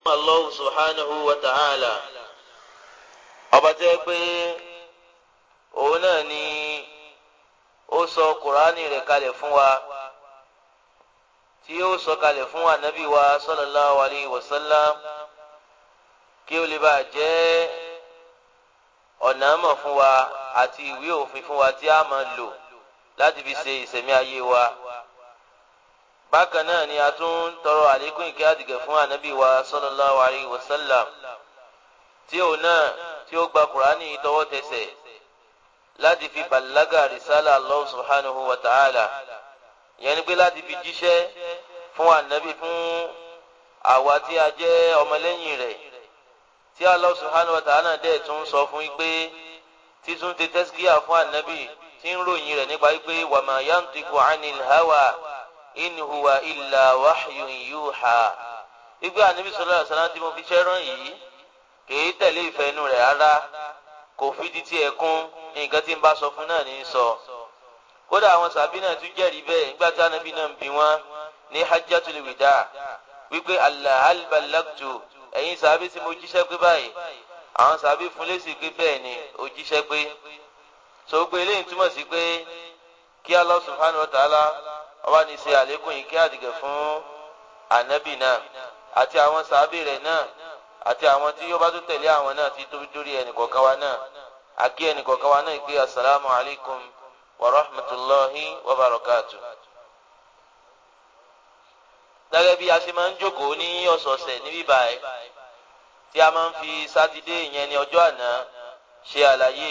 Allah subhanahu wa ta'ala ọba jẹ́ pé òun náà ni ó sọ kùránì rẹ̀ kalẹ̀ fún wa tí ó sọ kalẹ̀ fún ànábì wa sallallahu alayhi wa sallam kí ó lè bá jẹ́ ọ̀nàmọ̀ fún wa àti ìwé òfin fún wa tí a máa lò láti fi ṣe ìṣẹ̀mí ayé wa bákan náà ni a tún ń tọrọ àlékún ìkẹ́ àdìgẹ̀ fún ànábì wa sallallahu alayhi wa sallam tí òun náà tí ó gba kùránì tọwọ́ tẹsẹ̀ láti fi bàlágà rìsálà Allah subhanahu wa yẹn ni pé láti fi jíṣẹ́ fún ànábì fún àwa tí a jẹ́ ọmọlẹ́yìn rẹ̀ tí Allah subhanahu wa ta'ala dẹ̀ tún sọ fún pé títún ti tẹ́síkíyà fún ànábì tí ń ròyìn rẹ̀ nípa wípé wàmà yantiqu anil hawa in huwa illa wahyun yuha igbe ànábì sallallahu alaihi wasallam tí mo fi ṣẹ́rán yìí kìí tẹ̀lé ìfẹ́ inú rẹ̀ rárá kò fi di ti ẹ̀kún nǹkan tí ń bá sọ fún náà ní sọ kódà àwọn sàbí náà tún jẹ́rìí bẹ́ẹ̀ nígbà tí ànábì náà ń bi wọ́n ní hajjatul wida wípé allahal balagtu ẹ̀yin sàbí tí mo jíṣẹ́ pé báyìí àwọn sàbí fún lésì pé bẹ́ẹ̀ ni ó jíṣẹ́ pé so gbé eléyìí túmọ̀ sí pé kí Allah subhanahu ọba ní ṣe àlékún yìí kí àdìgẹ̀ fún ànábì náà àti àwọn sàábì rẹ̀ náà àti àwọn tí ó bá tó tẹ̀lé àwọn náà ti tóbi dórí ẹnìkọ̀ọ̀kan wa náà àkí ẹnìkọ̀ọ̀kan wa náà pé asalaamu alaykum wa rahmatulahi wa barakatu. gẹ́gẹ́ bí a ṣe máa ń jókòó ní ọ̀sọ̀ọ̀sẹ̀ níbí báyìí tí a máa ń fi sátidé ìyẹn ní ọjọ́ àná ṣe àlàyé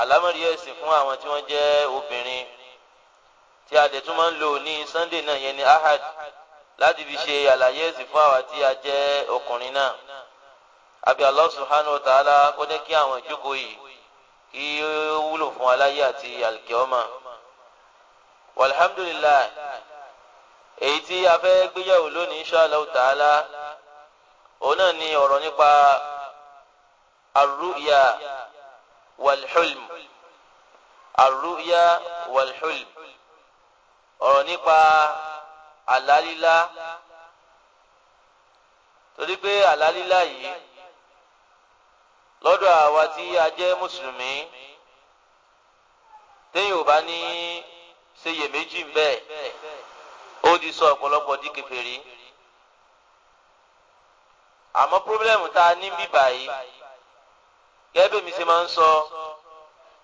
àlámọ̀rí ẹ̀sìn fún àwọn tí wọ́n jẹ́ obìnrin tí a dẹ̀ tún máa ń lò ní sunday náà yẹn ní ahad láti fi ṣe àlàyé ẹ̀sìn fún àwa tí a jẹ́ ọkùnrin náà àbí Allah subhanahu wa ta'ala kó jẹ́ kí àwọn ìjókòó yìí kí ó wúlò fún aláyé àti alkiyama walhamdulillah èyí tí a fẹ́ gbéyàwó lónìí insha Allah òun náà ni ọ̀rọ̀ nípa arru'ya walhulm arru'ya walhulm ọ̀rọ̀ nípa àlálílá torí pé àlálílá yìí lọ́dọ̀ àwa tí a jẹ́ mùsùlùmí téèyàn ò bá ní ṣeyèméjì ń bẹ́ẹ̀ ó di sọ ọ̀pọ̀lọpọ̀ di kèfèrí àmọ́ pírọ́blẹ́mù tá a ní bí báyìí gẹ́gẹ́ bí mi ṣe máa ń sọ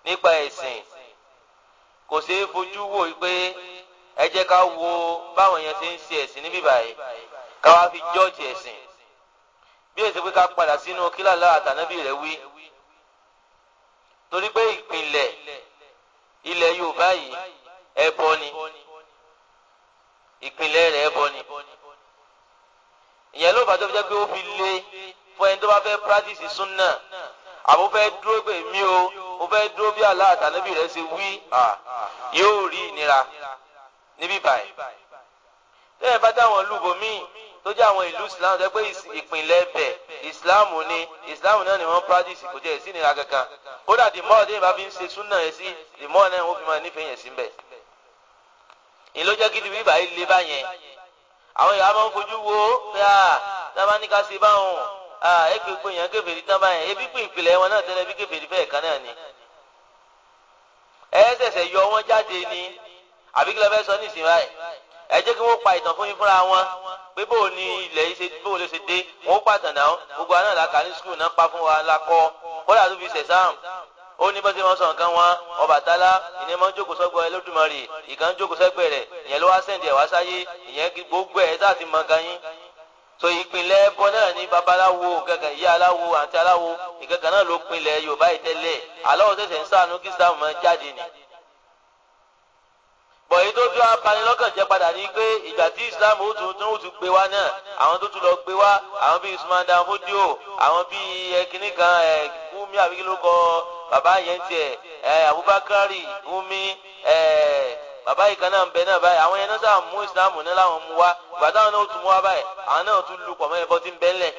nípa ẹ̀sìn kò ṣeé fojú wò pé ẹ jẹ́ ká wo báwọn èèyàn ti ń ṣe ẹ̀sìn níbí báyìí ká wá fi jọ́ọ̀jì ẹ̀sìn bí èsì pé ká padà sínú kílàlá àtànábì rẹ̀ wí torí pé ìpìlẹ̀ ilẹ̀ Yorùbá yìí ẹbọ ni ìpìlẹ̀ rẹ̀ ẹbọ ni ìyẹn ló bá tó fi jẹ́ pé ó fi lé fún ẹni tó bá fẹ́ practice sunna àbó fẹ́ dúró pé o mo fẹ́ dúró bí àlá àtànábì rẹ̀ ṣe wí yóò rí ìnira níbí báyìí tẹ́yẹ̀ bá dáwọn olúbo míì tó jẹ́ àwọn ìlú islam tó pé ìpínlẹ̀ bẹ̀ islam ni islam náà ni wọ́n practice kò jẹ́ ìsìn nira kankan kódà the more tẹ́yẹ̀ bá fi ń ṣe súnà yẹn sí the more náà wọ́n fi máa nífẹ̀ẹ́ yẹn sí bẹ̀. ìlójẹ́ gidi bíbá yìí lé báyẹn àwọn ìyá máa ń fojú wo pé à tábà ní ká ṣe báwọn à ẹgbẹ́ gbogbo èèyàn kèfèrí tán báyẹn ebi pín ìpìlẹ̀ wọn náà tẹ́lẹ̀ bí kèfèrí fẹ́ẹ̀ kan náà ni ẹ̀ẹ́sẹ̀sẹ̀ yọ wọn jáde ni àbí kí lọ fẹ́ sọ ní ìsìn báyìí ẹ jẹ́ kí wọ́n pa ìtàn fún yín fúnra wọn pé bó ní ilẹ̀ yìí ṣe bó lè ṣe dé wọ́n pàtàn náà gbogbo àná làkà ní skul náà pa fún wa lakọ kódà tó fi ṣẹ̀sáàmù ó ní bọ́sẹ̀ wọn sọ nǹkan wọn Ọbàtálá ìyẹn máa ń jókòó sọ́gbọ́ Ẹlẹ́dùmarè ìkan jókòó sẹ́gbẹ̀ rẹ̀ ìyẹn ló wá sẹ́ǹdì ẹ̀wá sáyé ìyẹn gbogbo ẹ̀ sáà ti mọ gan yín so ìpínlẹ̀ ẹbọ náà ní babaláwo gẹ́gẹ́ ìyá aláwo àǹtí aláwo ìgẹ́gẹ́ náà ló pinlẹ̀ Yorùbá ìtẹ́lẹ̀ aláwọ̀ sẹ̀sẹ̀ ń ṣàánú kí sáà mọ́ jáde ni bọ̀ èyí tó tún abanilọ́kàn jẹ́ padà ní pé ìgbà tí islam ó tún tún ó tún gbé wá náà àwọn tó tún lọ gbé wá àwọn bíi usman damudio àwọn bíi ẹkíní kan ẹ kúmi àbí lóko bàbá yẹn tiẹ̀ ẹ abubakari kúmi ẹ bàbá yìí kan náà ń bẹ náà báyìí àwọn yẹn náà sáà mú islam náà láwọn mú wá ìgbà táwọn náà tún mú wá báyìí àwọn náà tún lu pọ̀ mọ́ ẹbọ tí ń bẹ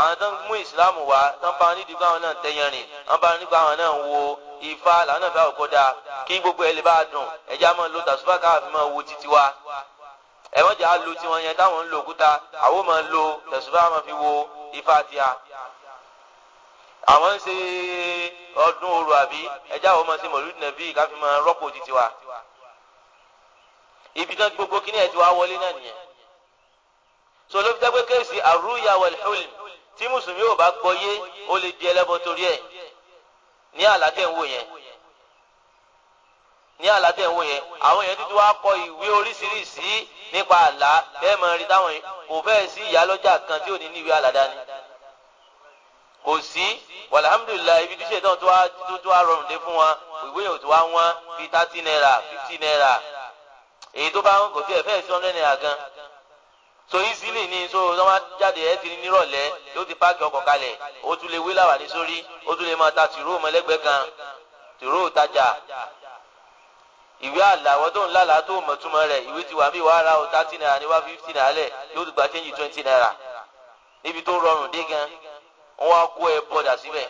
àwọn tó ń mú ìsìláàmù wá tó ń bá wọn nídìí káwọn náà tẹyẹrin wọn bá wọn nípa àwọn náà wo ifá làwọn náà fẹ́ àwòkọ́ dáa kí gbogbo ẹ̀ lè bá a dùn ẹ̀já máa lo tàṣùbà káwọn fi máa wo títí wa ẹ̀wọ́n jà á lo tiwọn yẹn táwọn ń lo òkúta àwọn máa lo tàṣùbà máa fi wo ifá tíya àwọn ń ṣe ọdún oru àbí ẹ̀já àwọn máa ṣe mọ̀lúdì nàbí káfí máa rọ́pò títí wa ibi tán gbogbo kíní ẹ̀ ti wá wọlé náà nìyẹn so ló fi dẹ́gbẹ́ kéèsì àrùyà wal hulm tí mùsùlùmí ò bá gbọ́yé ó lè di ẹlẹ́bọ torí ẹ̀ ní àlàtẹ̀ ń wò yẹn ní àlá tẹ̀ ń wò yẹn àwọn èèyàn títí wá kọ ìwé oríṣiríṣi nípa àlá bẹ́ẹ̀ mọ rí táwọn kò fẹ́ẹ̀ sí ìyálọ́jà kan tí ò ní níwèé àlá dání kò sí alhamdulillah ibi tí ṣètò tó wá tó wá rọrùn dé fún wọn ìwé yòó tó wá wọn bíi thirty naira fifty naira èyí tó bá wọn kò tiẹ̀ fẹ́ẹ̀ sí hundred naira gan so easily ni so wọ́n máa jáde ẹ̀ ti nírọ̀lẹ́ yóò ti páàkì ọkọ̀ kalẹ̀ o tún lè wí làwàní sórí ó tún lè máa ta tìró ọmọlẹ́gbẹ́ kan tìró òtajà ìwé àlàwọ́ tó ń lálàá tó mọ̀túmọ̀ rẹ̀ ìwé ti wà bí wàá ra o thirty naira ní wá fifty naira lẹ̀ yóò ti gba change twenty naira níbi tó rọrùn dé gan wọ́n wá kó ẹ bọ̀dà síbẹ̀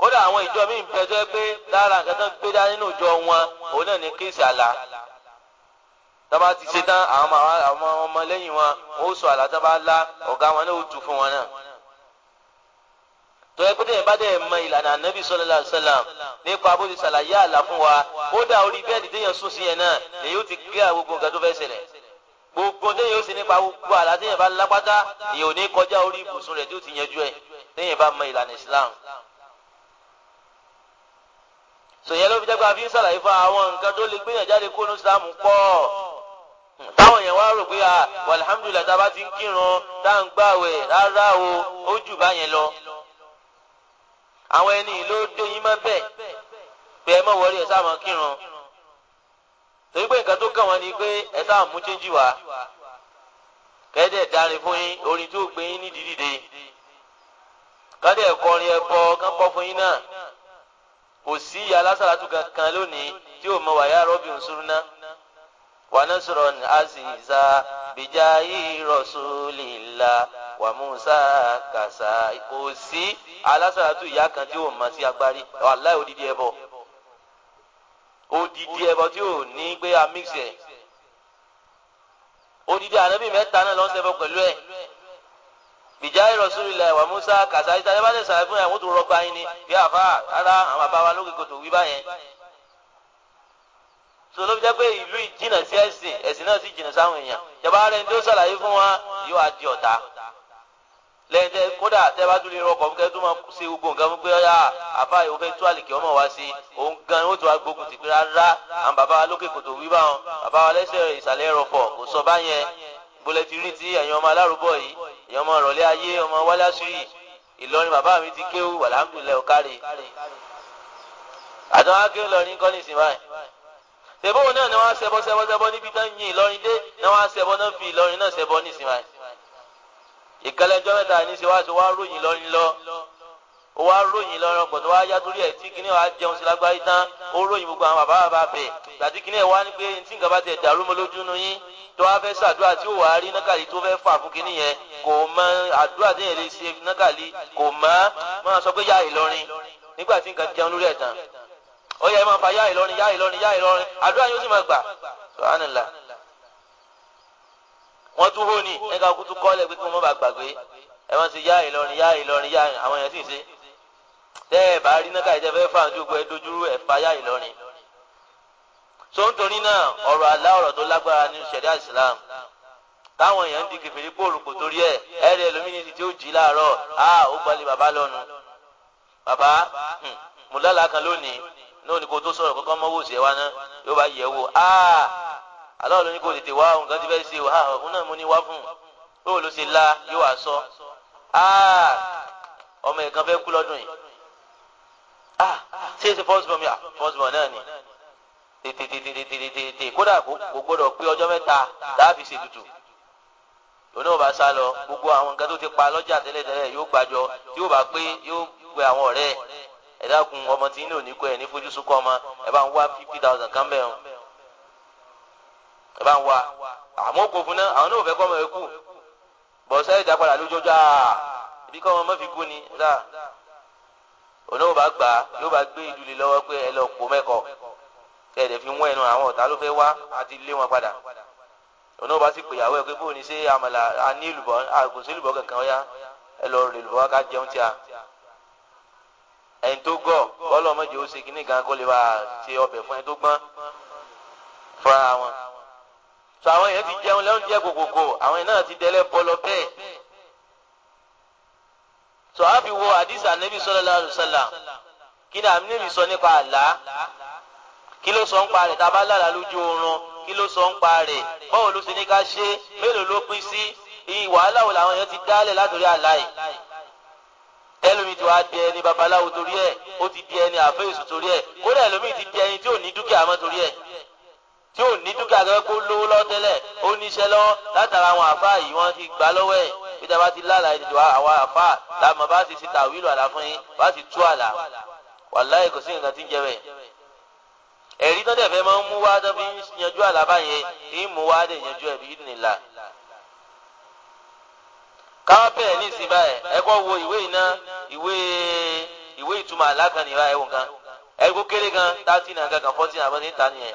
kódà àwọn ìjọ míì bẹ́ẹ̀ tó yẹ pé lára nǹkan tó ń gbé dá nínú ìjọ wọn òun náà ní kéèsì àlá tọ́ba ti ṣe tán àwọn ọmọ lẹ́yìn wọn ó sọ àlá tán bá lá ọ̀gá wọn náà ó tu fún wọn náà tọ́yẹ pé tẹ̀yìn bá dẹ̀ mọ ìlànà ànábì sallallahu alaihi wasallam nípa bó ti ṣàlàyé àlá fún wa ó dà orí bẹ́ẹ̀dì téèyàn sùn sí yẹn náà èyí ó ti gbé àgbogbo nǹkan tó fẹ́ ṣẹlẹ̀ gbogbo téèyàn ó sì nípa gbogbo àlá téèyàn bá lápátá èyàn ò ní kọjá orí ibùsùn rẹ̀ tí ó ti yanjú ẹ̀ téèyàn bá mọ ìlànà Islam. sòyẹ́ ló fi jẹ́ pé a fi ń ṣàlàyé fún àwọn nǹkan tó lè gbéyàn jáde kó táwọn èèyàn wá rò pé à ah, alhamdulilayi tá a bá ti ń kírun tá à ń gbàwẹ̀ rárá o ó jù báyẹn lọ àwọn ẹni ló dé yín mọ́ bẹ́ẹ̀ pé ẹ mọ̀ wọrí ẹ sáà mọ́ kírun torí pé nǹkan tó kàn wọ́n ni pé ẹ sáà mú chéńjì wá kẹ́dẹ̀ dárin fún yín orin tó gbé yín ní dídìde kọ́dẹ̀ kọrin ẹ̀bọ kán pọ́ fún yín náà kò sí ìyá lásàlátù kankan lónìí tí ò mọ wàyà rọ́bì ń ونصرا عزيزا بجاه رسول الله وموسى كسائي kò sí alásọ̀ràtú ìyá kan tí ó mọ̀ sí agbárí wàláì odidi ẹbọ odidi ẹbọ tí ò ní gbé amíṣẹ odidi ànábì mẹ́ta náà ló ń ṣẹbọ pẹ̀lú ẹ̀ bìjáì Rasulillah wa Musa kàṣà ìtàlẹ́bàṣẹ̀ sàrẹ́ fún ẹ̀ wọ́n tó rọgbà yín ni bí àfa ara àwọn bàbá wa lókè kòtò wí báyẹn so ló fi jẹ́ pé ìlú ìjìnà sí ẹ̀sìn ẹ̀sìn náà sì jìnà sáwọn èèyàn ìjọba rẹ̀ ní ó ṣàlàyé fún wa yóò á di ọ̀tá lẹ́yìn tẹ kódà tẹ bá tún lè rọkọ̀ fún kẹ́tù máa ṣe gbogbo nǹkan fún pé ọ̀yà àfa yìí ó fẹ́ tú àlìkè ọmọ wá sí òun gan ó ti wá gbógun ti pé rárá àwọn bàbá wa lókè kòtò wí bá bàbá wa lẹ́sẹ̀ ìsàlẹ̀ ẹ̀rọ̀fọ̀ kò sọ báyẹn bólẹ̀ rí ti ẹ̀yin ọmọ alárùbọ̀ yìí ẹ̀yin ọmọ ìrọ̀lẹ́ ayé ọmọ wálásù yìí Ìlọrin bàbá mi ti kéwù wàlámùlẹ̀ ọ̀kárẹ̀ àtàwọn akéwù lọ ṣèbó wọn náà ni wọ́n á ṣẹbọ ṣẹbọ ṣẹbọ níbi tán yin Ìlọrin dé ni wọ́n á ṣẹbọ náà fi Ìlọrin náà ṣẹbọ nísìnyí ìkẹlẹjọ mẹ́ta ní ṣe wá ṣe wá ròyìn Ìlọrin lọ ó wá ròyìn Ìlọrin ọgbọ̀n tó wá yá torí ẹ̀ tí kìnìún á jẹun sí lágbáyé tán ó ròyìn gbogbo àwọn bàbá bàbá bẹ̀ gbàtí kìnìún ẹ̀ wá ní pé tí nǹkan bá tẹ̀ dàrú mọ́ lójú nu yín tó wá fẹ́ ṣàdúrà tí ó wàá rí nákàlí tó fẹ́ fà fún kìnìún yẹn kò mọ àdúrà tí yẹn lè ṣe nákàlí kò mọ́ máa sọ pé yá Ìlọrin nígbà tí nǹkan jẹun lórí ẹ̀ tán ọyà ẹ máa fa yá Ìlọrin yá Ìlọrin yá Ìlọrin àdúrà yóò sì máa gbà sọ́hánìlá wọ́n tún hóni ẹ̀ka kútu kọ́lẹ̀ pé kí wọ́n má bàa gbàgbé ẹ máa ṣe yá Ìlọrin yá Ìlọrin yá àwọn èèyàn sì ń ṣe tẹ́ ẹ̀ bá rí náà ìjẹ́ fẹ́ẹ́ fàájú gbọ́ ẹ dojúrú ẹ̀ fa yá Ìlọrin tó ń torí náà ọ̀rọ̀ àlá ọ̀rọ̀ tó lágbára ní ṣẹ̀ríà Islam táwọn èèyàn ń di kèfèrí bóòlù kò torí ẹ̀ ẹ̀rẹ̀ ẹlòmínítì tí ó jí láàárọ̀ á ó gbalẹ̀ bàbá lọ́nu bàbá mùlálà hmm, kan lónìí náà ní kó tó sọ̀rọ̀ kankan mọ́wó sí ẹ wá náà yóò bá yẹ̀ wò á aláwọ̀ ló ní kó tètè wá òun kan ti fẹ́ ṣe wá òun náà mo ní wá fún un bóun ló ṣe la yóò wá sọ á ọmọ ẹ̀kan fẹ́ kú lọ́dún yìí á ṣé ṣe first born mi first born náà ni tètè kódà kò gbọdọ̀ pé ọjọ́ mẹ́ta tàbí ṣètùtù oní ọba sá lọ gbogbo àwọn nǹkan tó ti pa lọ́jà tẹ́lẹ̀tẹ́lẹ̀ yóò gbàjọ tí yóò bá pé yóò pe àwọn ọ̀rẹ́ ẹ dákun ọmọ tí ń lò ní kọ ẹ ní fojú sunkọ ọmọ ẹ bá ń wá fifty thousand kan bẹ́ẹ̀ o ẹ bá ń wá àmọ́ kò fún náà àwọn náà ò fẹ́ kọ́ ọmọ ẹ kú bọ̀sẹ̀ ìdá padà lójoojá ibi kọ́ ọmọ mọ́ fi kú ni dáa òun náà bá gbà yóò bá gbé ìdúlé lọ́wọ́ pé ẹ lọ pò mẹ́kọ̀ọ́ tẹ̀lé fi wọ́n ẹnu àwọn ọ̀tá ló fẹ́ wá àti lé wọn padà òun náà bá sì pèyàwó ẹ pé bóun ní ṣe àmàlà àní ìlùbọ́ àgùnsí ìlùbọ́ kankan ọ̀yá ẹ lọ rè lùbọ́ ká jẹun tí a ẹni tó gọ̀ bọ́lọ̀ mọ́jì ó ṣe kíní gan kó lè bá ṣe ọbẹ̀ fún ẹni tó gbọ́n fúnra wọn. sọ àwọn èèyàn ti jẹun lẹ́hún jẹ́ gògògò àwọn èèyàn náà ti dẹ́lẹ́ bọ́lọ bẹ́ẹ̀. sọ àbí wo àdìsá nẹ́bí sallallahu alaihi wasallam kí ni àmì nẹ́bí sọ nípa àlá kí ló sọ ń pa rẹ̀ tá a bá lálàá lójú oorun kí ló sọ ń pa rẹ̀ báwo ló ṣe ní ká ṣe mélòó ló pín sí iye wàhálà wo làwọn èèyàn ti dálẹ̀ látòrí àlá yìí ẹlòmíì ti wá di ẹni babaláwo torí ẹ ó ti di ẹni àfẹ́yèsù torí ẹ kódà ẹlòmíì ti di ẹni tí ò ní dúkìá mọ́ torí ẹ tí ò ní dúkìá gẹ́gẹ́ kó lówó lọ́tẹ́lẹ̀ ó níṣẹ́ lọ́wọ́ látara àwọn àfáà yìí wọ́n ti gbà lọ́wọ́ ẹ̀ ìjọba ti lálàá ìdìdò àwọn àfáà làmọ́ bá ti síta wílò àlá fún yín bá ti tú àlá wàláhì kò sí nǹkan tí ń jẹ bẹ́ẹ̀ ẹ̀rí tó dẹ̀ fẹ́ máa ń mú wá tó fi ń yanjú àlá kábẹ̀ ní ìsìn báyìí ẹ̀kọ́ wo ìwé iná ìwé ìwé ìtumọ̀ alákànnì wa ẹ̀wọ̀n kan ẹ̀kọ́ kéré gan thirty nine gan kan forty nine abọ́ni ta nìyẹn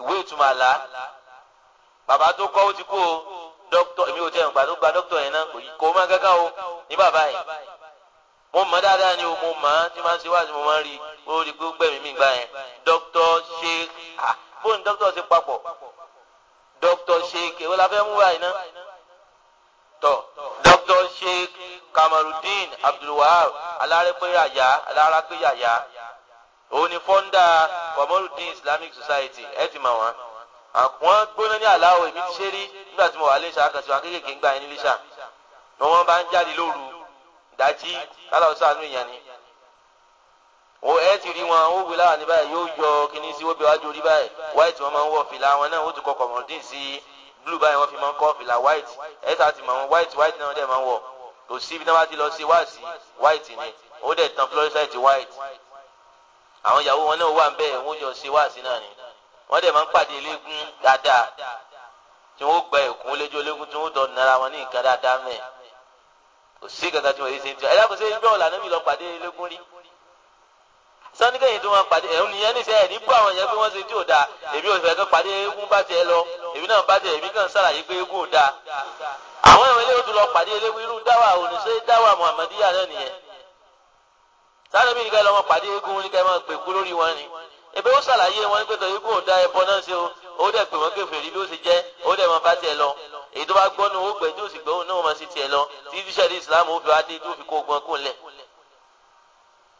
ìwé ìtumọ̀ àlá bàbá tó kọ́ ó ti kú o dókítọ̀ èmi ò jẹun gbà tó gba dókítọ̀ yẹn náà kò má gángan o ní bàbá yìí mo mọ̀ dáadáa ni o mo mọ̀ tí máa ń ṣe wáàsí mo máa ń rí mo rí pé ó gbẹ̀mí mi gbà yẹn dókítọ̀ ṣe fóònù dókítọ̀ ṣe papọ̀ dókítọ̀ ṣe kèwé la fẹ́ mú báyìí náà tọ̀ dọ́dọ̀ Sheikh Kamarudin Abdulwahab alárẹ́pẹ́yàyà alárápẹ́yàyà òun ni fọ́ndà Kamarudin Islamic Society ẹ̀ ti mọ̀ wọ́n àwọn gbóná ní àláwọ̀ èmi ti ṣe rí nígbà tí mo wà léṣà kan sí wọn kéékèèké ń gbà yín léṣà ni wọ́n bá ń jáde lóru dájí kálá ọ̀sán ìyàn ni o ẹ ti rí wọn ó wí láwọn ní báyìí yóò yọ kíní sí wọ́n bẹ wájú orí báyìí wáìtì wọn máa ń wọ̀ fìlà wọn náà ó ti kọ Kamarudin sí i blue báyìí wọ́n fi máa ń kọ́ fìlà white ẹ̀ẹ́sà ti mọ̀ wọn white white náà dẹ̀ máa ń wọ̀ kò sí ibi náà bá ti lọ sí wáàsí white ni ó dẹ̀ tan fluorescent white àwọn ìyàwó wọn náà wà ń bẹ́ẹ̀ wọ́n jọ sí wáàsí náà ni wọ́n dẹ̀ máa ń pàdé eléégún dáadáa tí wọ́n gba ẹ̀kún lẹ́jọ́ eléégún tí wọ́n tọ́ nara wọn ní nǹkan dáadáa mẹ́ẹ̀ kò sí kankan tí wọ́n yé ṣe ń tẹ ẹ dákun sí ibi ọ̀la náà mi lọ pàdé eléégún rí sannikẹ́yìn tó máa pàdé ẹ̀hún nìyẹn níṣẹ́ ẹ̀ ní bú àwọn yẹn pé wọ́n ṣe tí ò dáa èmi ò fẹ́ kán pàdé eégún bá tiẹ̀ lọ èmi náà bá tiẹ̀ èmi kàn ṣàlàyé pé eégún ò dáa àwọn ìwé eléwòtú lọ pàdé eléwò irú dáwà oníṣe dáwà muhammadiya náà nìyẹn sáré bí nìkan lọ́mọ pàdé eégún ní ká máa gbèkú lórí wọn ni ebe ó ṣàlàyé wọn ní pẹ̀tọ̀ eégún ò dá ẹbọ náà ṣe o ó dẹ̀ pè wọ́n kèfèrí bí ó ṣe jẹ́ ó dẹ̀ máa bá tiẹ̀ lọ èyí tó bá gbọ́nu ó gbẹ̀ tí ó sì gbẹ́ òun ṣe tiẹ̀ lọ tí tíṣẹ́ẹ̀dì ìsìlámù ó fi wá dé tó fi kó gbọ́n kún lẹ̀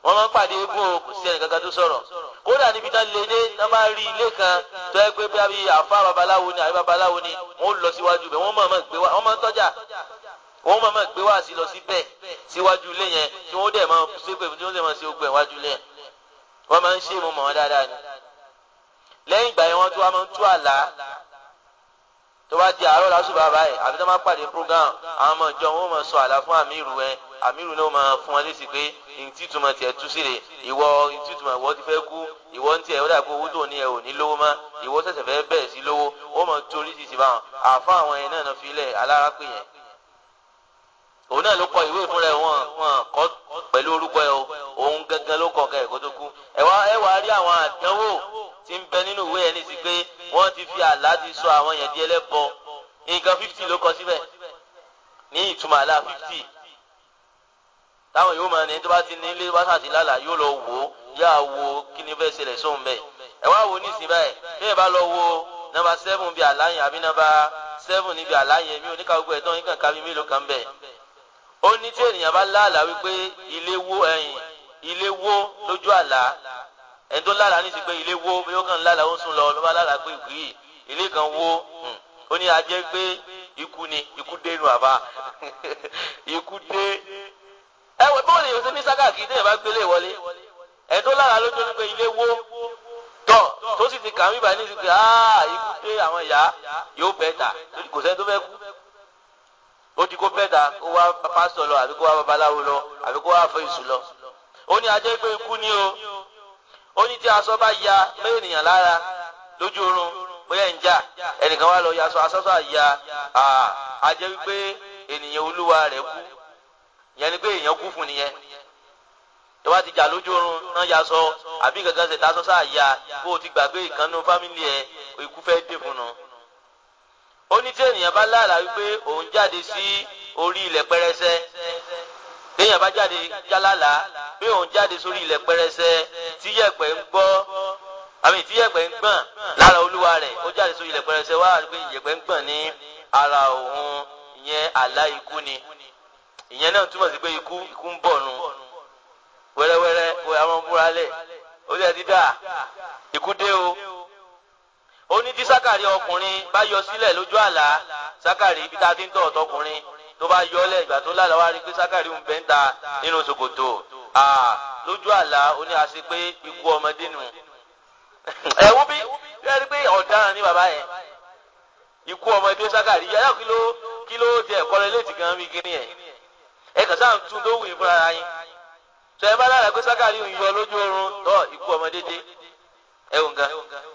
wọ́n máa ń pàdé eégún o kò sí ẹnì kankan tó sọ̀rọ̀ kódà níbi tá lè dé tá bá rí ilé kan tó ẹ pé bí àfa babaláwo ni àbí babaláwo ni wọ́n lọ síwájú bẹ̀ wọ́n máa máa gbé wá wọ́n máa ń tọ́jà wọ́n máa máa gbé wá sí lọ síbẹ̀ síwájú ilé yẹn tí wọ́n dẹ̀ máa ṣépè tí wọ́n dẹ̀ máa ṣe ogun ẹ̀wájú ilé yẹn wọ́n máa ń ṣe ìmọ̀ wọn dáadáa ni lẹ́yìn ìgbà yẹn wọ́n tún wá máa ń tú àlá tó bá di àárọ̀ lásùbà báyìí àbí tó máa pàdé program àwọn ọmọ ìjọ wọn máa sọ àlá fún àmírù ẹ àmírù náà máa fún wọn lésì pé ntí túmọ̀ tiẹ̀ tú sí rè ìwọ ntí túmọ̀ ìwọ ti fẹ́ kú ìwọ ntí ẹ̀ ó dà pé owó tó ní ẹ ò ní lówó mọ́ ìwọ ṣẹ̀ṣẹ̀ fẹ́ bẹ̀rẹ̀ sí lówó ó mọ̀ torí ti ti bá wọn àfa àwọn ẹ̀ náà fi lẹ̀ alára pè yẹn òun náà ló kọ ìwé fún rẹ wọn wọn kọ pẹ̀lú orúkọ ẹ o òun gangan ló kọ ọ̀gá ẹ̀kọ́ tó kú ẹ wá rí àwọn àdánwò tí ń bẹ nínú ìwé ẹ ní sí pé wọ́n ti fi àládì sọ àwọn èèyàn di ẹlẹ́bọ nǹkan fifty ló kọ síbẹ̀ ní ìtumọ̀ àlá fifty táwọn yóò máa ní tó bá ti ní ilé wáṣàtì lálà yóò lọ wò ó yá wo kí ni bẹ́ẹ̀ ṣẹlẹ̀ sóhun bẹ́ẹ̀ ẹ wá wo nísìnyí báyìí bẹ́ẹ̀ bá lọ wo nọ́mbà seven bíi àláyìn àbí nọ́mbà seven níbi àláyìn èmi oníkà gbogbo ẹ̀tọ́ yín kàn kábí mélòó kan bẹ́ẹ̀ ó ní tí ènìyàn bá láàlá wípé ilé wó ẹ̀yìn ilé wó lójú àlá ẹni tó lára ní ti pé ilé wó bí ó kàn lára ó sùn lọ ló bá lára pé ìgbì yìí ilé kan wó hmm. ó ní ajẹ́ pé ikú ni ikú dé inú àbá ikú dé ẹwẹ bó lè ṣe ní sákàkì tí èèyàn bá gbélé wọlé ẹni tó lára lójú ní pé ilé wó tọ tó sì ti kàwé ìbàní sí pé ah, ikú dé àwọn ìyá yóò bẹ́tà kò sẹ́ni tó fẹ́ kú ó ti kó bẹ́tà kó wá pásítọ̀ lọ àbí kó wá babaláwo lọ àbí kó wá fẹ́ ìṣù lọ ó ní ajẹ́ pé ikú ni o ó ní tí aṣọ bá ya mẹ́rin ènìyàn lára lójú oorun bóyá ń jà ẹnìkan wá lọ ya aṣọ aṣọ àyà á jẹ́ wípé ènìyàn olúwa rẹ̀ kú ìyẹn ni pé èèyàn kú fún nìyẹn ìwà ti jà lójú oorun náà ya sọ àbí kankan ṣe tasọ sáà ya kó o ti gbàgbé ìkànnú fámìlì ẹ ikú fẹ́ dé fún un ó ní tí ènìyàn bá láàlà wípé òun jáde sí orí ilẹ̀ pẹrẹsẹ béèyàn bá jáde jálálà bí òun jáde sórí ilẹ̀ pẹrẹsẹ tí yẹ̀pẹ̀ ń gbọ́ àmì tí yẹ̀pẹ̀ ń gbọ̀n lára olúwa rẹ̀ ó jáde sórí ilẹ̀ pẹrẹsẹ wá pé yẹ̀pẹ̀ ń gbọ̀n ní ara òun ìyẹn àlá ni ìyẹn náà túmọ̀ sí pé ikú ikú ń bọ̀ nu wẹ́rẹ́wẹ́rẹ́ àwọn múra lẹ̀ ó lè ti dà ikú dé o ó ní tí sákàrí ọkùnrin bá yọ sílẹ̀ lójú àlá sákàrí ibi tá a ti ń tọ̀ ọ̀tọ̀kùnrin tó bá yọ ọlẹ ìgbà tó lálàá wá rí pé sákàrí ń bẹ ń ta nínú ṣòkòtò lójú àlá ó ní àṣẹ pé ikú ọmọdé nù ẹwú bí ẹ rí pé ọ̀daràn ni bàbá yẹn ikú ọmọdé sákàrí yàrá kí ló kí ló tiẹ̀ kọ́lé létí gan mi kí ni ẹ̀ ẹ kàn sáà ń tún tó wù yín fúnra ara yín tọ́ ẹ bá lára pé sákàrí ń yọ lójú oorun tọ́ ikú ọmọdé dé ẹwùn gan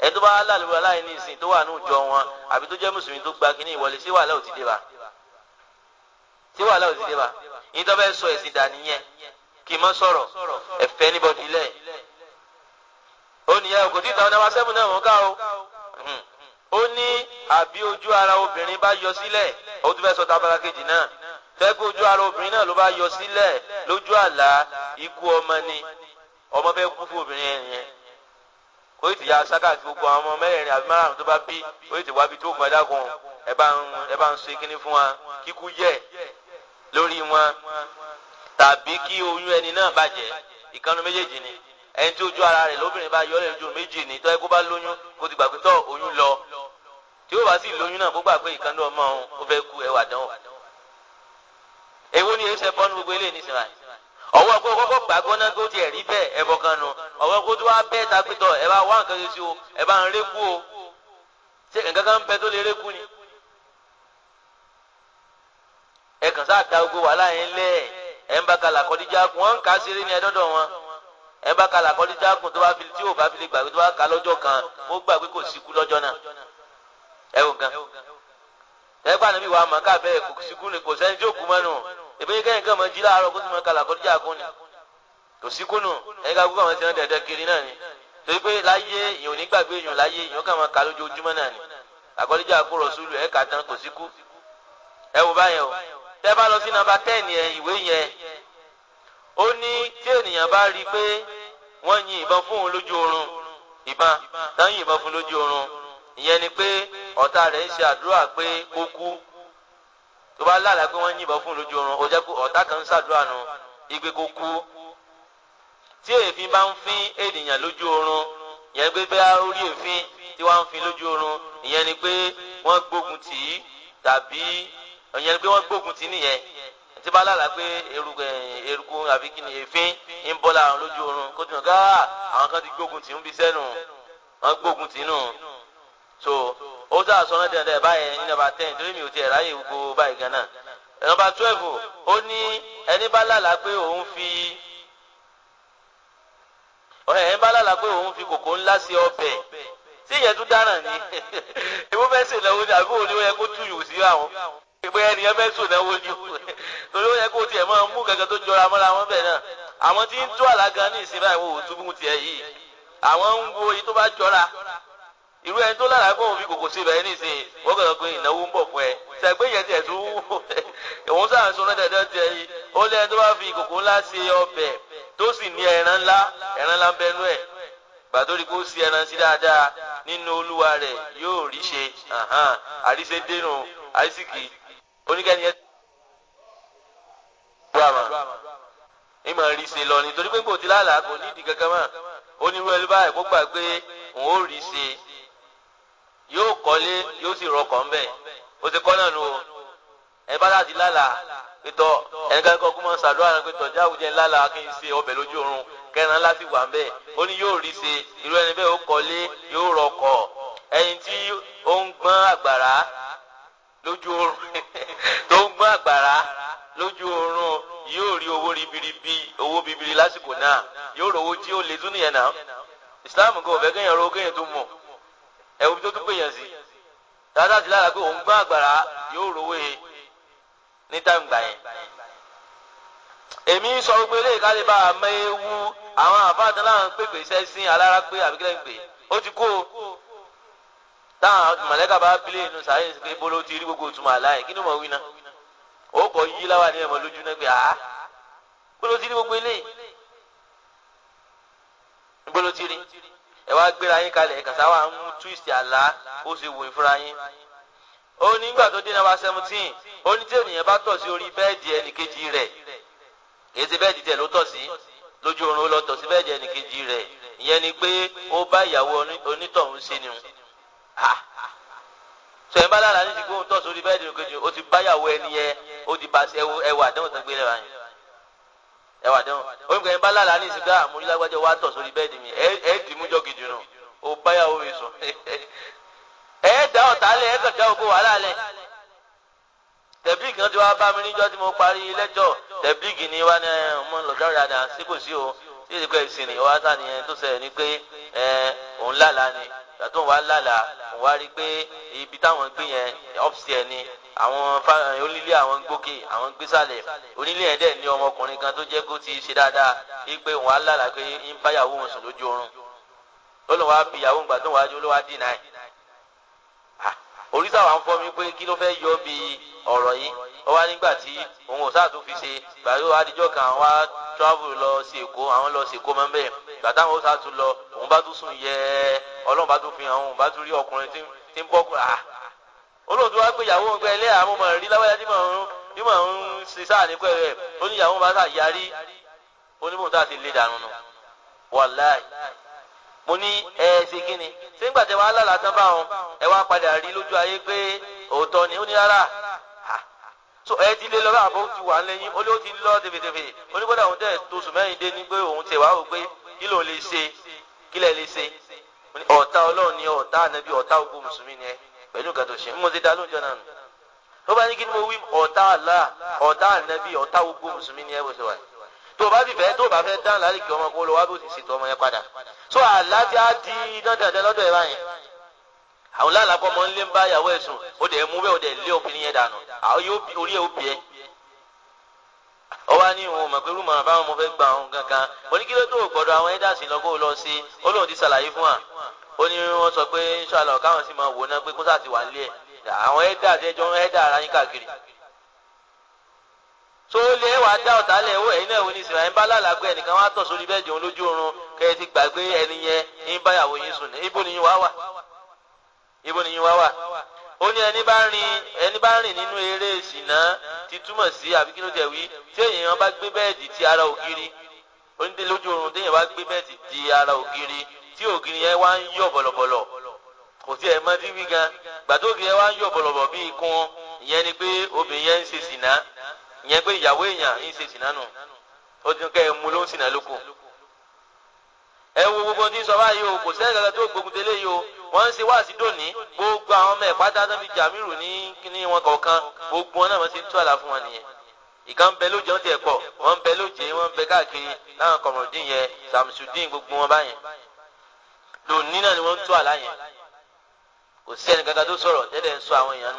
ẹ tó bá lálùbọ̀ aláìní ìsìn tó wà ní ìjọ wọn àbí tó jẹ́ mùsùlùmí tó gba kíní ìwọlé sí wàhálà òtídé bá tí wàhálà ò sì dé bá yín tó fẹ́ sọ ẹ̀sìn dà nìyẹn kì í mọ́ sọ̀rọ̀ ẹ̀fẹ́ níbọ̀dì lẹ̀ ó nìyẹn kò tí ìtàn náà wá sẹ́fún náà wọ́n ká o hmm. ó ní àbí ojú ara obìnrin bá yọ sílẹ̀ ó tún fẹ́ sọ tábàlà kejì náà fẹ́gbẹ́ ojú ara obìnrin náà ló bá yọ sílẹ̀ lójú àlá ikú ọmọ ni ọmọ fẹ́ kú fún obìnrin yẹn ó sì ya sákàtí gbogbo àwọn ọmọ mẹ́rẹ̀ẹ̀rin àbí márùn-ún tó bá bí ó sì wá bí tó kún kan ẹ̀ bá ń ṣe kínní fún wa kíkú yẹ̀ lórí wọn tàbí kí oyún ẹni náà bàjẹ́ ìkànnì méjèèjì ni ẹni tí ojú ara rẹ̀ lóbìnrin bá yọ ọ́ lẹ́nu ojú méjì ní tọ́jú kó bá lóyún kó ti gbàgbé tọ́ oyún lọ tí ó bá sì lóyún náà kó gbà pé ọmọ òun ó fẹ́ ku ẹwà dánwò. èwo ni èyí ṣe bọ́nu gbogbo eléyìí nísìnyí ọwọ́ kó kọ́kọ́ gbàgbọ́ náà kó tiẹ̀ rí bẹ́ẹ̀ ẹbọ kan nu ọwọ́ kó tó wá bẹ́ẹ̀ ta pé tọ́ ẹ bá wá nǹkan ṣe sí o ẹ bá ń rékú o ṣé nǹkan kan ń bẹ tó lè rékú ni ẹ kàn sáà da gbogbo wàhálà yẹn lẹ̀ ẹ̀ ń bá kalà kọ́díjà kún wọ́n ń kà á ṣeré ní ẹ̀dọ́dọ̀ wọn ẹ̀ ń bá kalà kọ́díjà kún tó bá fi tí ò bá fi lè gbàgbé tó bá ka lọ́jọ́ kan ó gbà pé kò síkú lọ́jọ́ náà ẹ̀ wò gan tẹ́gbà níbi wàá mọ̀ ká kò síkú ni kò sẹ́ni tí ó kú mọ́nu ìbéyìí kẹ́yìn kan mọ̀ jí láàárọ̀ kó tó mọ̀ kalà kọ́díjà kún ni kò síkú nù ẹ̀ ká gbogbo àwọn ti dẹ̀dẹ̀ kiri náà ni torí pé láyé èèyàn ní gbàgbé èèyàn láyé èèyàn kàn máa kà lójoojúmọ́ náà ni àkọ́díjà kó sùúrù ẹ̀ kà tán kò síkú ẹ wò báyẹn o tẹ́ bá lọ sí nọ́mbà ten yẹn ìwé yẹn ó ní tí ènìyàn bá rí i pé wọ́n yin ìbọn fún òun lójú oorun ìbọn tán yin ìbọn fún lójú oorun ìyẹn ni pé ọ̀tá rẹ̀ ń ṣe àdúrà pé kó kú tó bá lálàá pé wọ́n yìnbọn fún lójú oorun ó jẹ́ pé ọ̀tá kan ń ṣàdúrà nu igbe kó kú tí èéfín bá ń fín ènìyàn lójú oorun ìyẹn pé bẹ́ẹ̀ orí èéfín tí wọ́n ń fín lójú oorun ìyẹn ni pé wọ́n gbógun tì í tàbí ìyẹn pé wọ́n gbógun ti nìyẹn tí bá lára pé eh, eruku àbí kí ni èéfín ń bọ́ lára lójú oorun kó tí wọ́n ká àwọn kan ti gbógun tì ń bí sẹ́nu wọ́n gbógun tì nù so ó sáà sọ náà dẹ̀dẹ̀ báyẹn ní nọ́mbà ten torí mi ò tiẹ̀ ráyè gbogbo báyìí gan náà nọ́mbà twelve ó ní ẹni bá lára pé òun fi ọ̀hẹ́ ẹni bá lára pé òun fi kòkó ńlá sí ọbẹ̀ tí ìyẹn tún dáràn ni ìwọ́n fẹ́ sèlè owó ni àbí òun ni ó yẹ kó túyù sí àwọn ìpè ẹnìyẹn fẹ́ sùn náwó ni o torí ó yẹ kó tiẹ̀ máa mú gẹ́gẹ́ tó jọra mọ́ra wọn bẹ̀ náà àwọn tí ń tó àlága ní ìsinmi àwọn òtúbù tiẹ̀ yìí àwọn ń wo èyí tó bá jọra irú ẹni tó lára kó òun fi kòkò sí ibẹ̀ ní ìsìn wọ́n kàn pé ìnáwó ń bọ̀ fún ẹ sẹ́gbẹ́ yẹn tiẹ̀ tún wò òun sáà ń sunrẹ́ dandan tiẹ̀ yìí ó lẹ́yìn tó bá fi kòkò ńlá ṣe ọbẹ̀ tó sì ní ẹran ńlá ẹran ńlá ń bẹnu ẹ̀ gbàdórí kó sí ẹran sí dáadáa nínú olúwa rẹ̀ yóò ríṣe àríṣe dénú àríṣìkì oníkẹ́ni yẹn tó àmà ní màá rí ṣe lọ nítorí pé kò ti lálàá kò nídìí kankan mọ́ onírú ẹlú báyìí kó gbà pé òun ó rí ṣe yóò kọ́lé yóò sì rọkọ̀ ńbẹ̀ ó ti kọ́ náà nù o ẹ bá láti lálàá pétọ́ ẹnìkan kọ́ kúmọ̀ ṣàdúrà náà pétọ́ jáwùjẹ́ lálàá kí n ṣe ọbẹ̀ lójú oorun kẹrin láti wà ńbẹ̀ ó ní yóò rí ṣe irú ẹni bẹ́ẹ̀ ó kọ́lé yóò rọkọ̀ ẹni tí ó ń gbọ́n àgbàrá lójú oorun tó ń gbọ́n àgbàrá lójú oorun yóò rí owó ribiribi owó bibiri lásìkò náà yóò rówó tí ó lè tún nìyẹn náà Islam kò fẹ́ kéèyàn rówó kéèyàn tó mọ̀ ẹ̀wù tó tún péyàn sí dáadáa ti lára pé òun gbọ́n àgbàrá yóò rówó he ní táǹgbà yẹn èmi sọ gbogbo eléyìí ká lè bá a mọ ewu àwọn àbáàdán láwọn pèpè sẹ́sìn alára pé ó ti kú o táwọn mọ̀lẹ́kà bá bílẹ̀ inú sáré pé bó ló ti rí gbogbo ìtumọ̀ àláyé kí ni mo wí náà ó kọ yí láwa ní ẹ̀mọ́ lójú náà pé àá bó ló ti rí gbogbo eléyìí bó ló ti rí ẹ wá gbéra yín kalẹ̀ ẹ̀ kàtà wà ń mú twist àlá ó sì wò ìfúra yín ó ní ìgbà tó dé nàbà seventeen ó ní tí ènìyàn bá tọ̀ sí orí bẹ́ẹ̀dì ẹnìkejì rẹ̀ kì í ṣe bẹ́ẹ̀dì tẹ̀ ló tọ̀ sí lójú oorun ó lọ tọ̀ sí bẹ́ẹ̀dì ẹnìkejì rẹ̀ ìyẹn ni pé ó bá ìyàwó onítọ̀hún ṣe nìhun sọyìnbá lára ní ti gbóhùn tọ́ sórí bẹ́ẹ̀ dìrò kejì o ti báyàwó ẹni yẹn o ti bá ẹwọ ẹwà àdéhùn tó ń gbélé ra yẹn ẹwà àdéhùn oníkà yìnbá lára ní ìsìnká àmúrílágbájọ wa tọ̀ sórí bẹ́ẹ̀ dì ẹ dì mú jọ gidi nù ó báyàwó mi sùn ẹ dá ọ̀tá lẹ ẹ kàn dá ogun wàhálà tẹ̀bíìgì náà ti wá bá mi níjọ́ tí mo parí lẹ́jọ́ tẹ̀bíìgì ni wá ní ọmọ o tí èdè pẹ́ ìsìn ni wá sá ni ni wá rí i pé ibi táwọn gbé yẹn upstairs ni àwọn onílé àwọn gbókè àwọn gbésàlẹ̀ onílé yẹn dẹ̀ ní ọmọkùnrin kan tó jẹ́ kó ti ṣe dáadáa wípé òun á lára pé ń bá ìyàwó òun sùn lójú oorun ó lọ́n wá bí ìyàwó ìgbà tó wájú ló wá dìnnà ẹ̀ oríṣà wa ń fọ́ mi pé kí ló fẹ́ yọ bí ọ̀rọ̀ yìí ó wá nígbà tí òun ò sáà fi ṣe gbàgbé adijọ́ kan wá travel lọ sí èkó àwọn lọ sí èkó mọ́ bẹ́ẹ̀ gbàtà àwọn ó sáà lọ òun bá tún sùn yẹ́ẹ́ ọlọ́run bá tún fi hàn òun bá tún rí ọkùnrin tí ń bọ́kùnrin à ah! olóòtú wa pé ìyàwó ọgbẹ́ ilé àwọn ọmọ rí láwáyá tí mò ń ṣe sáà ní pẹ́ẹ́rẹ́ ẹ̀ ó ní ìyàwó bá sà yarí onímọ̀tò àti ilé dànù nù wàláì mo ní ẹ ṣe kí ni ṣé ń gbàtẹ́ wàá lálàá tán báwọn ẹ wá padà rí lójú ayé pé òótọ́ ni ó ní rárá so ẹ ti lé lọ bá àbọ̀ ti wà lẹ́yìn ó lé ó ti lọ tèfètèfè onígbọ́dọ̀ àwọn tẹ̀ tó sùn mẹ́rin dé ní pé òun tẹ̀ wá wò pé kí lòun lè ṣe kí lẹ̀ lè ṣe ọ̀tá ọlọ́run ni ọ̀tá ànábì ọ̀tá ogun mùsùlùmí ni ẹ pẹ̀lú nǹkan tó ṣe mo ti da lóúnjọ náà nù tó bá ní kí ni mo wí ọ̀tá Allah ọ̀tá ànábì ọ̀tá ogun mùsùlùmí ni ẹ bó ṣe wà tó o bá sì fẹ́ tó o bá fẹ́ dáhùn láti kí ọmọ kó lọ wá bó ti ṣètò ọmọ yẹn padà tó àlá ti á di dandandan lọ́dọ̀ ẹ̀ báyẹn àwọn lálàpọ̀ mọ́ ń lé ń bá ìyàwó ẹ̀sùn ó dẹ̀ mú bẹ́ẹ̀ ó dẹ̀ lé obìnrin yẹn dànù àwọn orí ẹ̀ ó bì ẹ́ ó wá ní ìwọ̀n mọ̀ pé rúmọ̀ àbáwọn ọmọ fẹ́ gba àwọn kankan oníkílẹ̀ tó gbọ́dọ̀ àwọn ẹ̀dá sí lọ́kọ́ lọ sí olóhùn ti ṣàlàyé fún wa ó ní wọ́n sọ pé ṣàlọ̀ káwọn sì máa wò ná pé kó sáà ti wà nílé ẹ̀ àwọn ẹ̀dá àtẹ́jọ́ ẹ̀dá ara yín káàkiri. tó lé wàá dá ọ̀tá lẹ̀ wọ ẹ̀yin náà wò ní ìsìnkú ẹ̀ ń bá lálàgbé ẹnìkan wá tọ̀ sórí bẹ́ẹ̀ jẹun lójú oorun kẹ́ ẹ ti gbàgbé ẹni yẹn ń báyàwó yín sùn ibo ó ní ẹni bá rìn ẹni bá rìn nínú eré ìsìnà ti túmọ̀ sí àbí kí ló jẹ̀ wí tí èèyàn bá gbé bẹ́ẹ̀dì ti ara ògiri onídé lójú oorun téèyàn bá gbé bẹ́ẹ̀dì ti ara ògiri tí ògiri yẹn wá ń yọ̀ bọ̀lọ̀bọ̀lọ̀ kò tí ẹ̀ mọ́ tí wí gan gbàtó ògiri yẹn wá ń yọ̀ bọ̀lọ̀bọ̀ bíi ikun ìyẹn ni pé obìnrin yẹn ń ṣe sìnà ìyẹn pé ìyàwó èèyàn ń ṣe sìnà nù ó ti kẹ́ ẹ̀ mú ló ń sìnà lóko ẹ wo gbogbo tí sọ báyìí o kò sẹ́yìn kankan tó gbógun délé yìí o wọ́n ń ṣe wáàsí dòní gbogbo àwọn ọmọ ẹ̀pá dáadáa fi jàmírù ní kíní wọn kọ̀ọ̀kan gbogbo wọn náà wọ́n ti ń tú àlà fún wọn nìyẹn ìkan ń bẹ lóje wọn ti ẹ̀pọ̀ wọ́n ń bẹ lóje wọ́n ń bẹ káàkiri láwọn kọ̀mọ̀dín yẹn sàmùsùdín gbogbo wọn báyẹn lòní náà ni wọ́n ń tú àlà yẹn kò sí kankan tó sọ̀rọ̀ ẹ̀dẹ̀ ń sọ àwọn èèyàn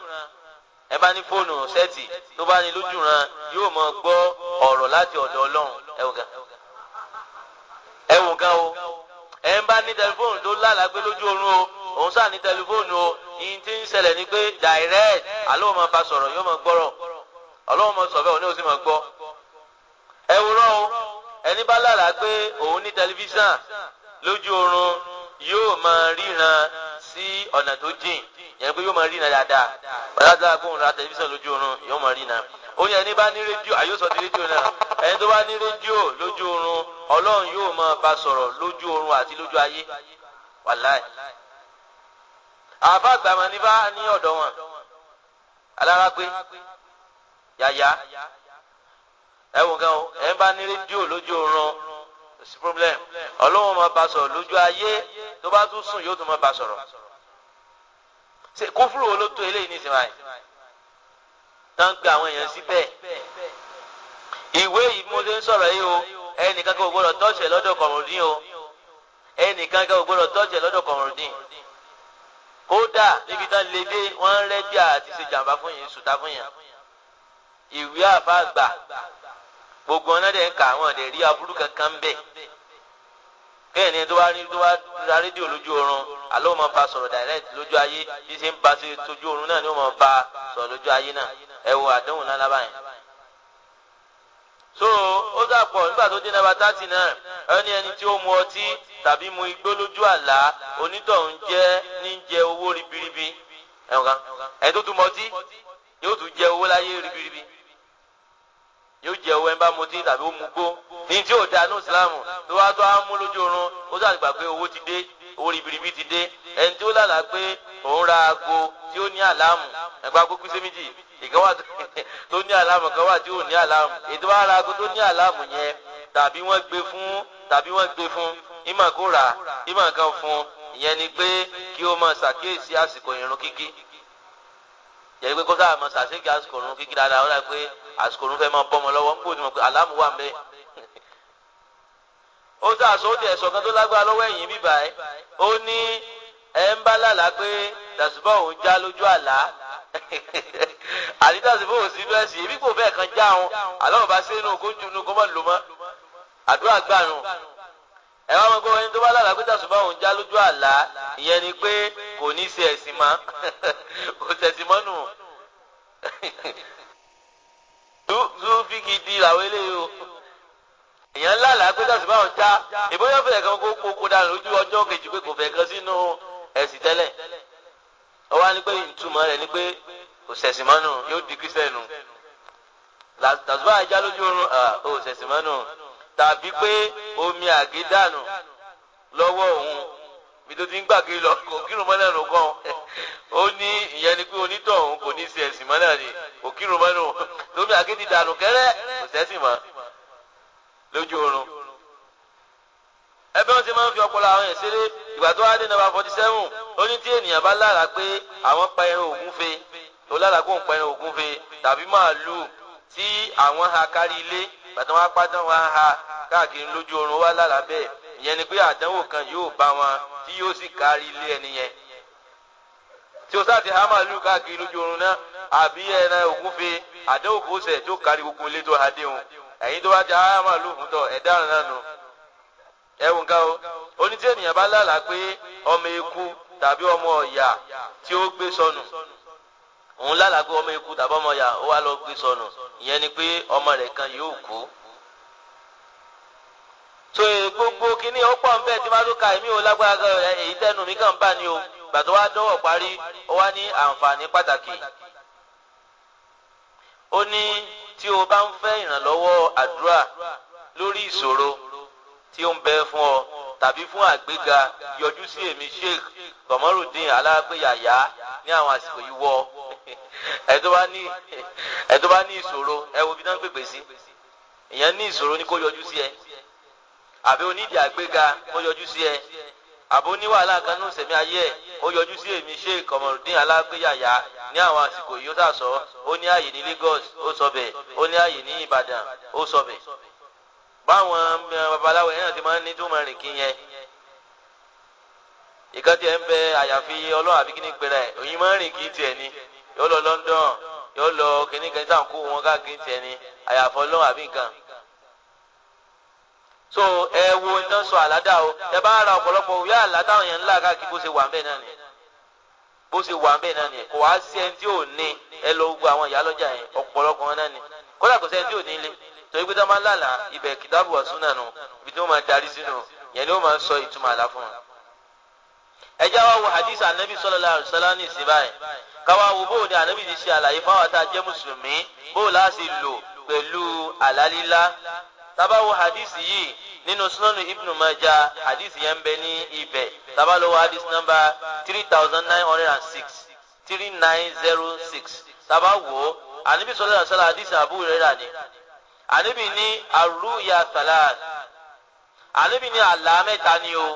nù ẹ bá ní fóònù sẹ́ẹ̀tì tó bá ní lójú ran yóò máa gbọ́ ọ̀rọ̀ láti ọ̀dọ̀ ọlọ́run ẹ gan ẹ gan o ẹ ń bá ní tẹlifóònù tó lálàá pé lójú oorun o òun sáà ní tẹlifóònù o yìí ti ń ṣẹlẹ̀ ni pé direct àlọ́ máa bá sọ̀rọ̀ yóò máa gbọ́rọ̀ ọlọ́run máa sọ̀rọ̀ òun ní òsì máa gbọ́ ẹ wò o ẹni bá lálàá pé òun ní tẹlifíṣàn lójú oorun yóò máa ríran sí ọ̀nà tó jìn yẹn pé yóò máa rí iná dáadáa bàtàtà kóhùn ra tẹlifíṣàn lójú oorun yóò máa rí iná ó ní ẹni bá ní rédíò àyósọ ti rédíò náà ẹni tó bá ní rédíò lójú oorun ọlọ́run yóò máa bá sọ̀rọ̀ lójú oorun àti lójú ayé wàláì àfa àgbàmọ ní bá ní ọ̀dọ̀ wọn alára pé yàyà ẹ gan o ẹ bá ní rédíò lójú oorun problem ọlọ́run máa bá sọ̀rọ̀ lójú ayé tó bá tún sùn yóò tún mọ́ bá sọ̀rọ̀ ṣe kófúrò wo ló tó eléyìí ní ìsinmi tán gbé àwọn èèyàn sí bẹ́ẹ̀ ìwé yìí mo ṣe ń sọ̀rọ̀ yìí o ẹnìkan kò gbọ́dọ̀ tọ́ọ̀ṣẹ̀ lọ́dọ̀ kọ̀mọ̀rọ̀dín o ẹnìkan kò gbọ́dọ̀ tọ́ọ̀ṣẹ̀ lọ́dọ̀ kọ̀mọ̀rọ̀dín kódà níbi tán lè dé wọ́n ń rẹ́dí àti ṣe jàǹbá fún yìí sùtá fún yẹn ìwé àfáàgbà gbogbo ọ̀nà dẹ̀ ń kà àwọn ọ̀dẹ̀ rí aburú kankan bẹ́ẹ̀ bẹ́ẹ̀ ni tó wá rí tó wá ra rédíò lójú oorun àlọ́ ò máa sọ̀rọ̀ direct lójú ayé bí ṣe ń bá ṣe tójú oorun náà ni ó máa bá sọ̀rọ̀ lójú ayé náà ẹ àdéhùn náà lábàáyìn. so ó dàpọ̀ nígbà tó dé nàbà tààtì náà ẹni ẹni tí ó mu ọtí tàbí mu igbó lójú àlá onítọ̀hún jẹ́ ní jẹ owó ribiribi ẹ̀wọ̀n kan ẹ̀ tó tún mọtí yóò tún jẹ owó láyé ribiribi yóò jẹ owó ẹnbá mutí tàbí ó mugbó ní tí ò da ní ìsìlámù tó wá tó á mú lójú oorun ó sà gbà pé owó ti dé owó ribiribi ti dé ẹni tí ó lálàá pé òun ra aago tí ó ní àlámù ẹgbẹ́ agbókú sí méjì ìkan wà tó ní àlámù kan wà tí ò ní àlámù ètò wa ra aago tó ní àlámù yẹn tàbí wọ́n gbé fún tàbí wọ́n gbé fún ìmọ̀ kó rà ìmọ̀ kan fún ìyẹn ni pé kí ó máa ṣàkíyèsí àsìkò ìrun kíkí yẹ pé kó sáà máa ṣàṣeyẹ àsìkò ìrun kíkí dáadáa ó dà pé àsìkò òun fẹ́ máa bọ́ ọmọ lọ́wọ́ ń gbòdì mọ̀ pé àlámù wà mẹ́ ó sá àṣọ òdì ẹ̀sọ́ kan tó lágbára lọ́wọ́ ẹ̀yìn bíbá ẹ̀ ó ní ẹ̀ ń bá lálàá pé tàṣìbọ̀ òun já lójú àlá àdìtàṣì fóun sí bẹ́ẹ̀ sí kò fẹ́ẹ̀ kan já òun àlọ́run bá sínú ogójú inú gọ́mọ̀ ló àdúrà gbà ẹ wá mọ̀ pé ẹni tó bá lálàá pé tàṣìbọ̀ òun já lójú àlá ìyẹn ni pé kò ní í ṣe ẹ̀sìn mọ́ kò ṣẹ̀sìn mọ́ nù tó tó bí gidi làwọn eléyìí o èèyàn lálàá pé dàsí báwọn já ìbóyọ fẹlẹ kan kó kó kó dànù lójú ọjọ́ kejì pé kò fẹ́ kan sínú ẹ̀sìn tẹ́lẹ̀ ó wá ní pé ìtumọ̀ rẹ̀ ni pé kò ṣẹ̀sìn mọ́nù yóò di kírísítẹ̀nù dàsí báwọn já lójú oorun ó ṣẹ̀sìn mọ́nù tàbí pé omi àgé dànù òun bí tó ń gbàgbé lọ kò kírun mọ́lẹ̀ nù gan ó ní ìyẹn ni pé onítọ̀hún kò ní í ṣe ẹ̀sìn ni òkìrùn mọ́nù lómi àgídí dànù kẹ́rẹ́ kò sẹ́sìn mọ́ lójú oorun. ẹbẹ́ wọn ti máa ń fi ọpọlọ àwọn yẹn ṣeré ìgbà tó wá dé nàbà forty seven ó ní tí ènìyàn bá lára pé àwọn pa ẹran ògúnfe tó lára kó ń pa ẹran ògúnfe tàbí màálù tí àwọn ha kárí ilé bàtà wọn apá tán wọn ha káàkiri lójú oorun wá lára bẹ́ẹ̀ ìyẹn ni pé àdánwò kan yóò bá wọn tí yóò sì kárí ilé ẹni yẹn tí o sáà ti ha màálù káàkiri lójú oorun náà àbí ẹran ògúnfe àdéhùn kó sẹ̀ tó kárí gbogbo ilé tó ha déhùn ẹ̀yin tó bá jẹ́ ara máa lò fún tọ̀ ẹ̀dá náà nù ẹ̀wù nǹkan o oní tí ènìyàn bá lálàá pé ọmọ eku tàbí ọmọ ọ̀yà tí ó gbé sọnù òun lálàá pé ọmọ eku tàbí ọmọ ọ̀yà ó wá lọ gbé sọnù ìyẹn ni pé ọmọ rẹ̀ kan yóò kú so gbogbo kínní ọ̀pọ̀ nbẹ tí wọ́n tún ka èmi ò lágbára èyí tẹnu mi kàn bá ni o gbàtọ́ wa dọ́wọ́ parí ó wá ní àǹfààní pàtàkì ó ní tí o bá ń fẹ́ ìrànlọ́wọ́ àdúrà lórí ìṣòro tí ó ń bẹ fún ọ tàbí fún àgbéga yọjú sí èmi sheikh kọmọrùdín alágbèyàyà ní àwọn àsìkò yìí wọ ẹ tó bá ní ìṣòro ẹ wo bí náà pèpè sí ìyẹn ní ìṣòro ni kó yọjú sí ẹ àbí onídìí àgbéga kó yọjú sí ẹ àbí oníwàhálà kan ní ayé ẹ kó yọjú sí èmi sheikh kọmọrùdín alágbèyàyà ní àwọn àsìkò yìí ó sà sọ ó ní ààyè ní Lagos ó sọ bẹ́ẹ̀ ó ní ààyè ní Ìbàdàn ó sọ bẹ́ẹ̀ báwọn eh, babaláwo ẹ̀yàn ti máa ń ní túmọ̀ rìn kí yẹn ìkan tiẹ̀ ń bẹ àyàfi ọlọ́run àbí kíní pẹ̀lẹ́ òyìn máa ń rìn kí tiẹ̀ ni yóò lọ London yóò lọ kíní kan sáà ń kó wọn káàkiri tiẹ̀ ni àyàfọ́ ọlọ́run àbí nǹkan so ẹ wo iná sọ àládà o ẹ bá ra ọ̀pọ̀lọpọ̀ òwe àládà òyìn ńlá káàkiri bó ṣe wà ń bẹ̀ náà nìyẹn bó ṣe wà bẹ́ẹ̀ náà ni kò wá sí ẹni tí ò ní ẹ lọ gbogbo àwọn ìyá lọ́jà yẹn ọ̀pọ̀lọpọ̀ wọn náà ni kódà kò sẹ́ni tí ò ní ilé torí pé táwọn máa ń lànà ibẹ̀ kìtàbù wà sún nànú ibi tí wọ́n máa darí sínú yẹn ni wọ́n máa ń sọ ìtumọ̀ àlá fún wọn. ẹ wa wo hadith anabi sallallahu alaihi wasallam ní ìsìn báyìí káwa wo bóòdì anabi ti ṣe àlàyé fáwọn àti àjẹ mùsùlùmí bóòlù á sì lò pẹ̀lú àlálílá nínú sunanu ibnu maja hadith yẹn bẹ ní ibẹ̀ tabalowo hadith number three thousand nine hundred and six three nine zero six tabawo anibi sọlá sọlá hadith abu rẹ́rà ni anibi ní arúyà salat anibi ní àlá mẹ́ta ni o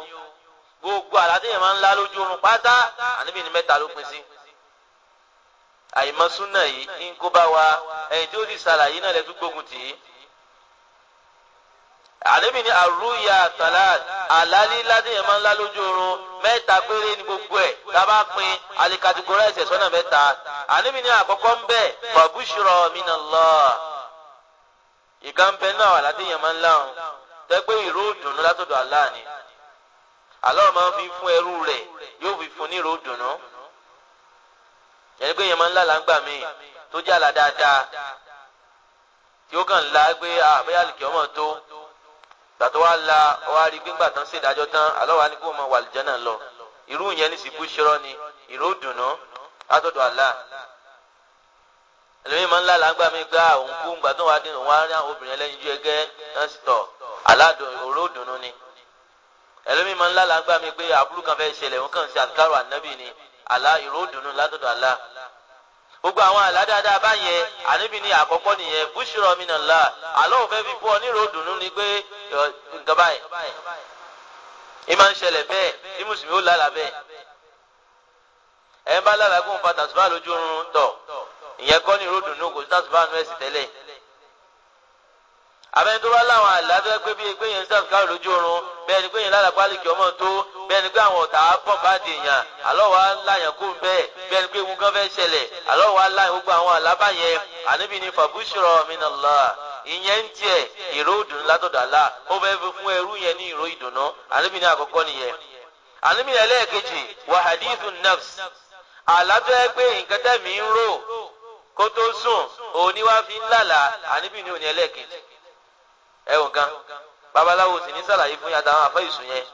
gbogbo àlá tí yẹn máa ń lá lójú oorun pátá anibi ní mẹ́ta ló pín sí àìmọ̀ súnà yìí ń kó bá wa ẹ̀yìn tí ó sì ṣàlàyé náà lẹ́tú gbógun tì í àdébì ní àrúyà tàlàd àlálíládé yẹn máa ń lá lójú oorun mẹ́ta péré ní gbogbo ẹ̀ tábà pin alikatigora ẹ̀sẹ̀ sọ́nà mẹ́ta àdébì ní àkọ́kọ́ ń bẹ̀ fàbúṣọrọ minallah ìka ń náà àládé yẹn máa ń láwọn tẹ́gbẹ́ ìró ìdùnnú látọ̀dọ̀ Allah ni Allah máa ń fi fún ẹrú rẹ̀ yóò fi fún ní ìró ìdùnnú yẹn pé yẹn máa ń lá làǹgbà mi tó jẹ́ àlá tí ó kàn ń àbẹ́yàlìkì ah, ọmọ tó gbàtọ wa la wa rí gbígbà tán sí ìdájọ́ tán alọ wa ní kó mọ wàlìjẹ náà lọ irú yẹn ní sì búṣọrọ ni ìró dùnú látọ̀dọ̀ àlá ẹlòmíì máa ń lá làgbà mí gbá ah, òun kú gbà tó wà dín òun wá rí àwọn obìnrin ẹlẹ́yinjú ẹgẹ́ náà sì tọ̀ àlá òró dùnú ni ẹlòmíì máa ń lá làgbà mí pé àbúrú kan fẹ́ ṣẹlẹ̀ òun kàn sí àkàrò ànábì ni àlá ìró dùnú látọ̀dọ̀ àlá gbogbo àwọn àlá dáadáa báyẹn àníbi ní àkọ́kọ́ nìyẹn bushra minallah àlọ́ òfẹ́ fi bọ́ nírò dùnú ni pé nǹkan báyìí ìmọ̀ ń ṣẹlẹ̀ bẹ́ẹ̀ tí mùsùlùmí ó lálàá bẹ́ẹ̀ ẹ̀ ń bá lálàá kó ń fa tàṣùbà lójú oorun tọ̀ ìyẹn kọ́ nírò dùnú kò sí tàṣùbà nú ẹ̀sìn tẹ́lẹ̀ abẹ́ni tó bá láwọn àlàáfẹ́ pé bí pé yẹn ń sàfikàrò lójú oorun bẹ́ẹ̀ ni pé yẹn lára pálíkì ọmọ tó bẹ́ẹ̀ ni pé àwọn ọ̀tá pọ̀ bá di èèyàn àlọ́wà láyàn kó ń bẹ́ẹ̀ bẹ́ẹ̀ ni pé ewu kan fẹ́ ṣẹlẹ̀ àlọ́wà láyàn gbogbo àwọn àlábà yẹn àníbi ni fàbúṣọrọ minallah ìyẹn ń tiẹ̀ ìró ìdùnnú látọ̀dọ̀ àlá ó fẹ́ fi fún ẹrú yẹn ní ìró ìdùnnú àníbi ni àkọ́kọ́ nìyẹn àníbi ni wa hadithun nafs àlàáfẹ́ pé nǹkan tẹ̀mí ń rò kó tó sùn òun ni wá ẹlẹ́ẹ̀kejì ẹ̀wọ̀n gan babaláwo sì ní sàlàyé fún yàtọ̀ àwọn àfẹ́ ìsùn yẹn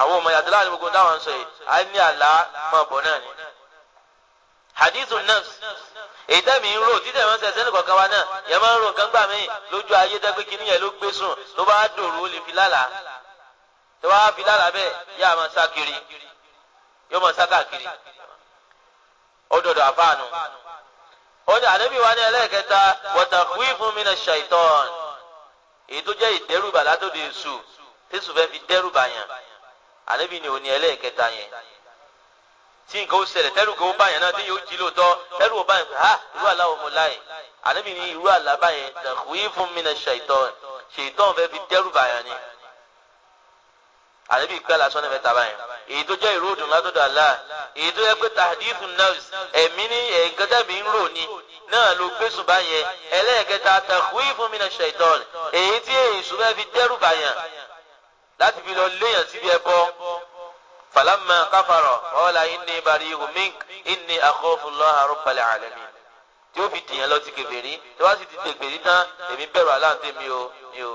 àwọn ọmọ yàtọ̀ láàrin gbogbo táwọn sọ yìí á ní àlá máa bọ̀ náà ni. hadithu nafs èyí tẹ́mi ń rò títẹ̀ wọn sẹ̀sẹ̀ nìkọ̀ọ̀kan wa náà yẹn máa ń rò kán gbà mí lójú ayé tẹ́ kíní yẹn ló gbé sùn tó bá dòrò ó lè fi lálàá tó bá fi lálàá bẹ́ẹ̀ yá máa sá kiri yóò máa sá káàkiri ó dọ̀dọ̀ àfáànù ó ní àdébíwá ní ẹlẹ́ẹ̀kẹta wọ̀tàkùí fún mi náà ṣàìtọ́ọ̀nù èyí tó jẹ́ ìdẹ́rùbà látòdì èṣù tẹ́sù fẹ́ fi dẹ́rùbà yàn ànábì ni òní ẹlẹ́ẹ̀kẹta yẹn tí nǹkan ó ṣẹlẹ̀ tẹ́rù kò bá yẹn náà tí yóò jí lóòótọ́ tẹ́rù ò bá yẹn ha irú àlá ọmọ láì ànábì ni irú àlá báyẹn tẹ̀kùí fún mi náà ṣètọ́ ṣètọ́ fẹ́ fi dẹ́rùbà yẹn ni ànábì pẹ́ lásán ní mẹ́ta báyẹn èyí tó jẹ́ ìró òdùn látọ̀dọ̀ àlá èyí tó yẹ pé tahdithun náà ló gbé ṣùgbọ́n yẹn ẹlẹ́ẹ̀kẹta takhwifun mina shaitan èyí tí èyí ṣùgbọ́n fi dẹ́rù bàyàn láti fi lọ léèyàn síbi ẹbọ falamma kafara ọ̀la inni bari'u mink inni akhafu Allaha rabbal alamin tí ó fi dìyàn lọ ti kèfèrí tí wọ́n sì ti tègbèrí tán èmi bẹ̀rù aláǹtẹ̀ mi o mi o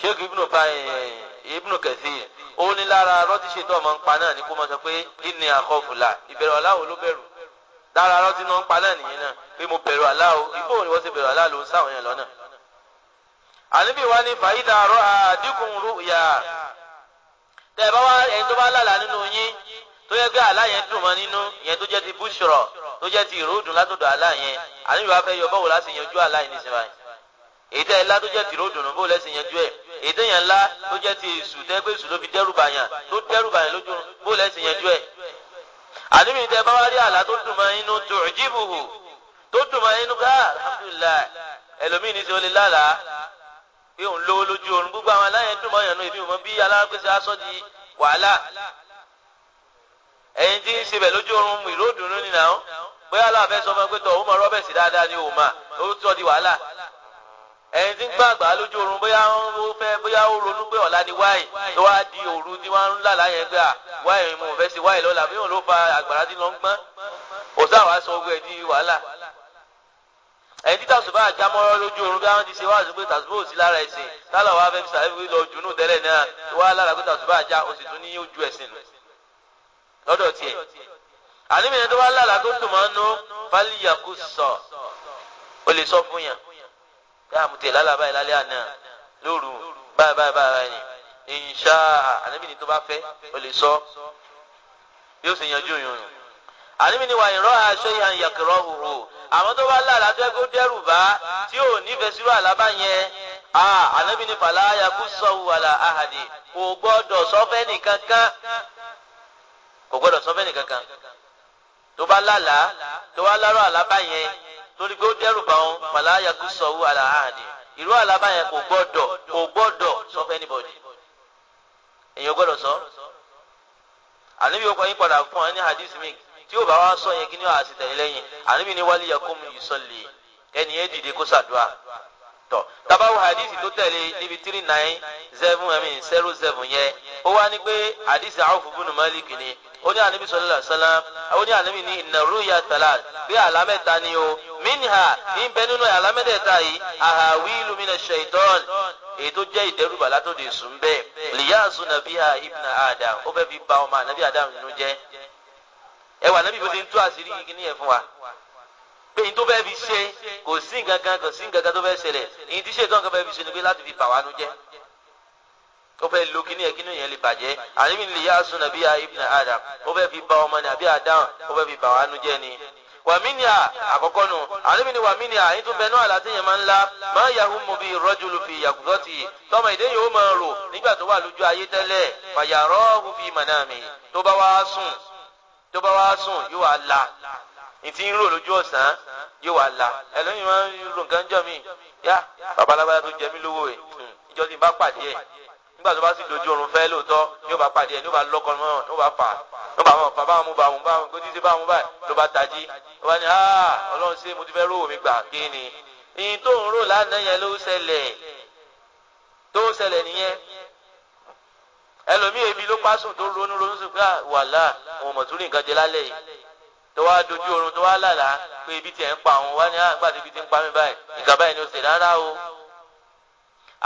sheikh ibnu eh, ibnu Kathir ó ní lára rọ́tíṣe tó ọmọ ń pa náà ní kó máa sọ pé inni akhafu ìbẹ̀rù aláwo ló bẹ̀rù dára arọ́ tí wọ́n ń pa náà nìyẹn náà pé mo bẹ̀rù Allah o ni wọ́n ti bẹ̀rù Allah ló ń sáwọn yẹn lọ́nà. àníbì wa ní fàyídà àrọ́ àdínkù ń rú ìyá tẹ́ bá wá ẹni tó bá lálàá nínú yín tó yẹ pé àlá yẹn dùn mọ́ nínú ìyẹn tó jẹ́ ti búṣọ̀rọ̀ tó jẹ́ ti ìròdùn látọ̀dọ̀ àlá yẹn àníbì wa fẹ́ yọ bọ́wọ́ láti yanjú àlá yẹn nísìnyí báyìí èyí tẹ́ ẹ lá tó jẹ́ ti ìròdùn bó lẹ́sìn yanjú ẹ̀ èyí tẹ́ yẹn lá tó jẹ́ ti èṣù tẹ́ pé èṣù ló fi dẹ́rù bàyàn tó dẹ́rù bàyàn lójú bó lẹ́sìn yanjú ẹ̀ àdébìnrin tẹ bá wá rí àlá tó dùn mọ́ inú tó jíbùhù tó dùn mọ́ inú ká alhamdulilayi ẹlòmíì ní sọ lè lálàá pé òun lówó lójú oorun gbogbo àwọn aláyẹn dùn mọ́ ìyànnú ìbí mọ́ bí alágbèsè aṣọ di wàhálà ẹ̀yin tí ń ṣe lójú oorun ìró dùnú nìyàwó bóyá aláàfẹ́ sọ fún ẹ pé tọ̀ ó mọ rọ́bẹ̀sì dáadáa ni òun mà ó tọ́ di wàhálà ẹni tí ń gbàgbà lójú oorun bóyá ó fẹ́ bóyá ó ronú pé ọ̀la ni wáì tó wá di òru tí wọ́n ń là láyẹn gbà wáì mo fẹ́ ṣe wáì lọ́la bí wọn ló fa àgbàrá tí lọ ń gbọ́n ó sáwàá sọ ogun ẹ̀ di wàhálà ẹni tí tàṣùbà àjámọ́rọ́ lójú oorun bí wọ́n ti ṣe wáàzù pé tàṣùbà ò sí lára ẹ̀sìn tálọ̀ wá fẹ́ fi sàrẹ́fì lọ jùnú tẹ́lẹ̀ náà tó wá lára pé tàṣùbà àjá ó sì tún ní ojú ẹ̀sìn lọ́dọ̀ tiẹ̀ àníbi ẹni tó wá lára tó dùn mọ́ nú fálíyàkú sọ ó lè sọ fún yàn dáàmú tiẹ̀ lálàbá yìí lálẹ́ àná lóru báyìí báyìí báyìí ni ìṣá ànábì ni tó bá fẹ́ o lè sọ yóò sì yanjú yòòrùn ànábì ni wà ìrọ́ aṣọ ìhà ìyàkẹ̀rọ̀ òhò àwọn tó bá lára tó ẹgbẹ́ dẹ́rù bá tí ò nífẹ̀ẹ́ sírò àlábá yẹn ànábì ni fàlà ayakú sọ̀wù àlà àhàdì kò gbọ́dọ̀ sọ́fẹ́ nìkankan kò gbọ́dọ̀ sọ́fẹ́ nìkankan tó bá lálàá tó bá lárọ̀ àlábá yẹn torí pé ó dẹ́rù bá wọn màláyà kú sọ̀wọ́ àlàáhàdì irú àlàbà yẹn kò gbọ́dọ̀ kò gbọ́dọ̀ sọ fún anybody èyàn gbọ́dọ̀ sọ àníbi ó kọyìn padà fún ọ ní hadith mi tí ó bá wá sọ yẹn kí ni wàá sì tẹ̀lé lẹ́yìn àníbi ni wálé yakum yusalli ẹni yẹn dìde kó sàdúrà tọ tabawo hadith tó tẹ̀lé níbi three nine seven ẹ̀mí zero seven yẹn ó wá ní pé hadith Awf ibn Malik ni ó ní àníbi sallallahu alaihi wasallam ó ní àníbi ní inna ruya thalat bí àlámẹ́ta ni o minha ń bẹ nínú alámẹ́tẹ̀ẹ̀ta yìí ahawilu mina shaitan èyí tó jẹ́ ìdẹ́rùbà látòdì sùn bẹ́ẹ̀ liyazu nabiha ibna adam ó fẹ́ fi ba ọmọ anabi adam nínú jẹ́ ẹwà anabi bó ti ń tú àṣírí yìí ní ẹ̀ fún wa pé ní tó fẹ́ ko si kò sí nǹkan kan to be sele kan ti se ṣẹlẹ̀ èyí tí ṣètò nǹkan fi ṣe ni pé láti fi bà wá nú jẹ́ ó fẹ́ lo kíní ẹ̀ kíní yẹn lè bàjẹ́ àníbi liyazu nabiha ibna adam ó fẹ́ fi ba adam fi ni. wàmínìà àkọ́kọ́ nù àníbi ni wàmínìà yìí tún bẹnu àlá tí yẹn máa ń la máa yahoo mobi rọ́júlù fi yàgùdọ́tì tọmọ èdè yóò máa rò nígbà tó wà lójú ayé tẹ́lẹ̀ fàyàrọ́ fi mànàmì tó bá wá sùn tó bá wá sùn yóò wá la ìtì ń rò lójú ọ̀sán yóò wá la ẹlẹ́yìn máa ń rò nǹkan jọ mi yá babalábá tó jẹ mí lówó ẹ̀ ìjọ tí bá pàdé ẹ̀ nígbà tó bá sì dojú oorun fẹ́ lóòótọ́ yóò bá pàdé ẹ̀ ní ó bá lọ́kọ̀ mọ́ ó bá fà ó bá fà bá mú bá mú bá mú kó títí bá mú báyìí ló bá tají ó bá ní ah ọlọ́run ṣe mo ti fẹ́ rówó mi gbà kí ni ìyìn tó ń rò lánàá yẹn ló ṣẹlẹ̀ tó ṣẹlẹ̀ nìyẹn ẹlòmíì ebi ló pásùn tó ronú ronú sùn pé wàhálà òun mọ̀túrì nǹkan jẹ lálẹ́ yìí tó wá dojú oorun tó wá lálàá pé ibi tiẹ̀ ń pa àwọn wá ní àgbàdo ibi tí ń pa mí báyìí ìkàbáyìí ni ó ṣe rárá o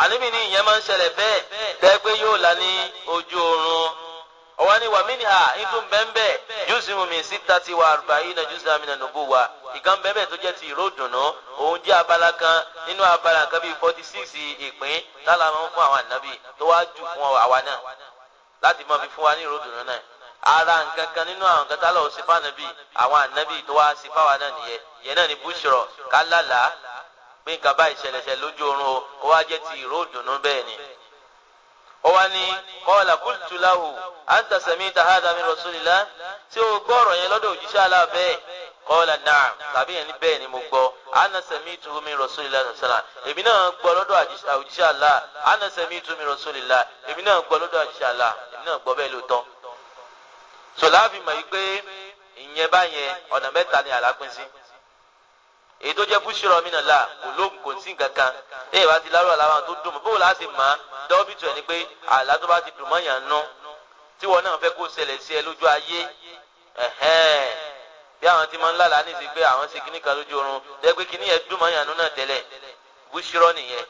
àníbi ní ìyẹn máa ń ṣẹlẹ̀ bẹ́ẹ̀ tẹ́gbẹ́ yóò la ní ojú oorun ọwọ́ ni wàmí ni ha ìtún bẹ́ẹ̀ jùsì mùmí síta ti wà àrùbá yìí náà jùsì àmì náà nùbù wa ìkan bẹ́ẹ̀ tó jẹ́ ti ìró dùnú òun jẹ́ abala kan nínú abala nǹkan bíi forty six ìpín tálà máa ń fún àwọn ànábì tó wá jù fún àwa náà láti máa fi fún wa ní ìró dùnú náà ara nǹkan kan nínú àwọn nǹkan tálà ò sí fáànàbì àwọn ànábì tó wá sí fáwa náà nìyẹn pé nǹkan báyìí ṣẹlẹ̀ṣẹ̀ lójú oorun o kó wá jẹ́ ti ìró òdùnnú ni. ó wá ní kọ́ọ̀lá qultu ta anta samita tí o gbọ́ ọ̀rọ̀ yẹn lọ́dọ̀ òjíṣẹ́ Allah bẹ́ẹ̀ kọ́ọ̀lá tàbí yẹn bẹ́ẹ̀ ni mo gbọ́ ana samituhu min èmi náà gbọ́ lọ́dọ̀ èyí tó jẹ́ búṣọ̀rọ̀ mi nàlá kò lóògùn kò sí nǹkan kan ẹ ìwà ti lárúbà láwọn tó dùn mọ́ bó láti mọ̀ á dọ́bìtì ẹ̀ ni pé àlá tó bá ti dùn mọ́ yàn nú tí wọn náà fẹ́ kó ṣẹlẹ̀ sí ẹ lójú ayé bí àwọn ti máa ń lálàá ní sí pé àwọn ṣe kíníkan lójú oorun tẹ́ pé kíní yẹn dùn mọ́ yàn nú náà tẹ́lẹ̀ búṣọ̀rọ̀ nìyẹn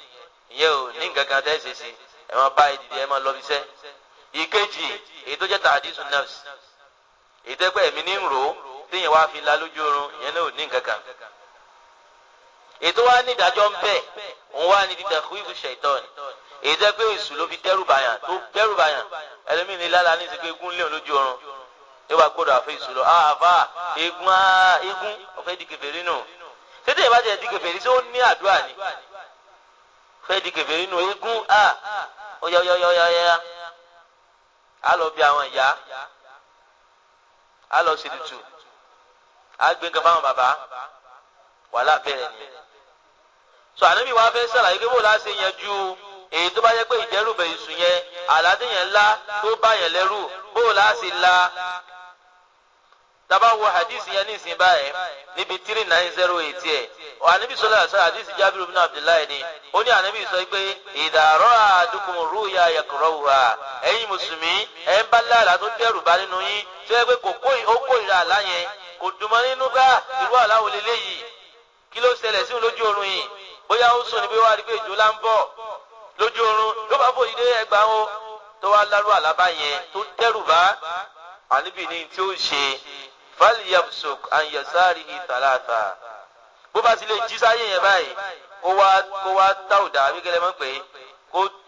ìyẹn ò ní nǹkan kan tẹ́ ṣe sí ẹ máa bá ìdìdì ẹ máa lọ bíṣẹ́ ìkejì èyí tó jẹ́ tàdísù náà ètò wa ní ìdájọ́ ń bẹ̀ òun wá ní dídà kú ìbù ṣẹ̀tọ́n èyí jẹ́ pé èṣù ló fi dẹ́rù bàyàn tó dẹ́rù bàyàn ẹlẹ́mìí ní lálá ní ti pé egun léun lójú ọrùn yóò wá gbọ́dọ̀ àfẹ́ èṣù lọ ah, àfà egun egun ọ̀fẹ́ di kèfèrí nù tètè ìbájẹ́ di kèfèrí tí ó ní àdúrà ni ọ̀fẹ́ di kèfèrí nù egun a ọ̀yọ̀yọ̀yọ̀yọ̀ a lọ bí àwọn ìyá a lọ sí tutù a gbé nǹkan fáwọn bàbá wàhálà bẹ̀rẹ̀ ni so ànábì wa fẹ́ sàlàyé pé bó la ṣe yanjú èyí tó bá yẹ pé ìdẹ́rùbẹ̀ ìsù yẹn àládéyàn ńlá tó bá yẹn lẹ́rù bó la ṣe la taba wo hadisi yẹn ní ìsìn báyìí níbi three nine zero eight yẹ ọ anabi sọlá sọ hadisi jabiru bin abdullahi ni ó ní anabi sọ pé ìdàrọ àdúkùn rúùyà yẹkọrọ wùhà ẹ̀yin mùsùlùmí ẹ ń bá láàlá tó dẹ́rù bá nínú yín tó yẹ pé kò kó ìhókòrìrà àlá yẹn kò dùnmọ́ nínú bá ìlú àláwọ̀ lélẹ́yìí kí ló ṣẹlẹ̀ sí lójú oorun yìí bóyá ó sùn níbi wá rí pé ìjò là ń bọ̀ lójú oorun ló bá fòyí dé ẹgbàá o tó wá lárú àlábá yẹn tó dẹ́rù bá àníbì ní tí ó ṣe falyabsuk anyasari italata bó bá ti lè jí sáyé yẹn báyìí kó wá kó wá tá òdà abíkẹlẹ mọ pé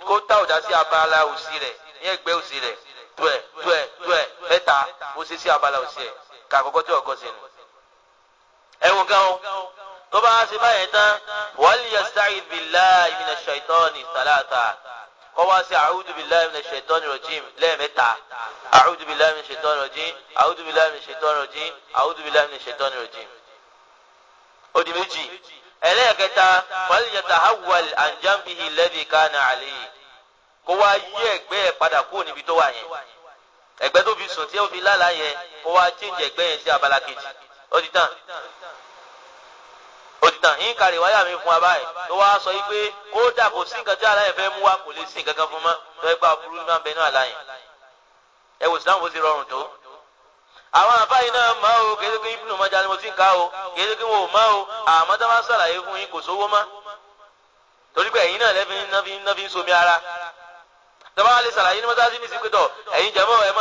kó tá òdà sí abala òsì rẹ̀ ní ẹ̀gbẹ́ òsì rẹ̀ tuẹ tuẹ tuẹ mẹ́ta ó ṣe sí abala òsì rẹ̀ kà àkọ́kọ́ tí ọkọ sí nu ẹwọn gan o tó bá ṣe báyẹn tán wal yasta'id billahi minash shaitani thalatha kó wá sí a'udhu billahi minash shaitani rajim lẹ́ẹ̀mẹ́ta a'udhu billahi minash shaitani rajim a'udhu billahi minash shaitani rajim a'udhu billahi minash shaitani rajim. ó di méjì ẹlẹ́ẹ̀kẹta wal yatahawwal an jambihi alladhi kana alayhi kó wá yí ẹ̀gbẹ́ ẹ̀ padà kúrò níbi tó wà yẹn ẹ̀gbẹ́ tó fi sùn tí ó fi lálàá yẹn kó wá change ẹ̀gbẹ́ yẹn sí abala kejì ó ti tán ìtàn yín ka mi fún wa tó wá sọ yìí pé kódà kò sí nǹkan tí aláyẹ̀ fẹ́ mú wa kò lè sí nǹkan fún mọ́ tó ẹ burú náà bẹ náà láyìn ẹ wò sílámù ti rọrùn tó. àwọn náà o kéde kí Ibnu Majah ni mo ti ń ká o kéde kí wọn ò o àmọ́ a ara tọ́ba wa lè ṣàlàyé ní mọ́sáàsì ní sípítọ̀ ẹ̀yin jẹ́mọ́ ẹ̀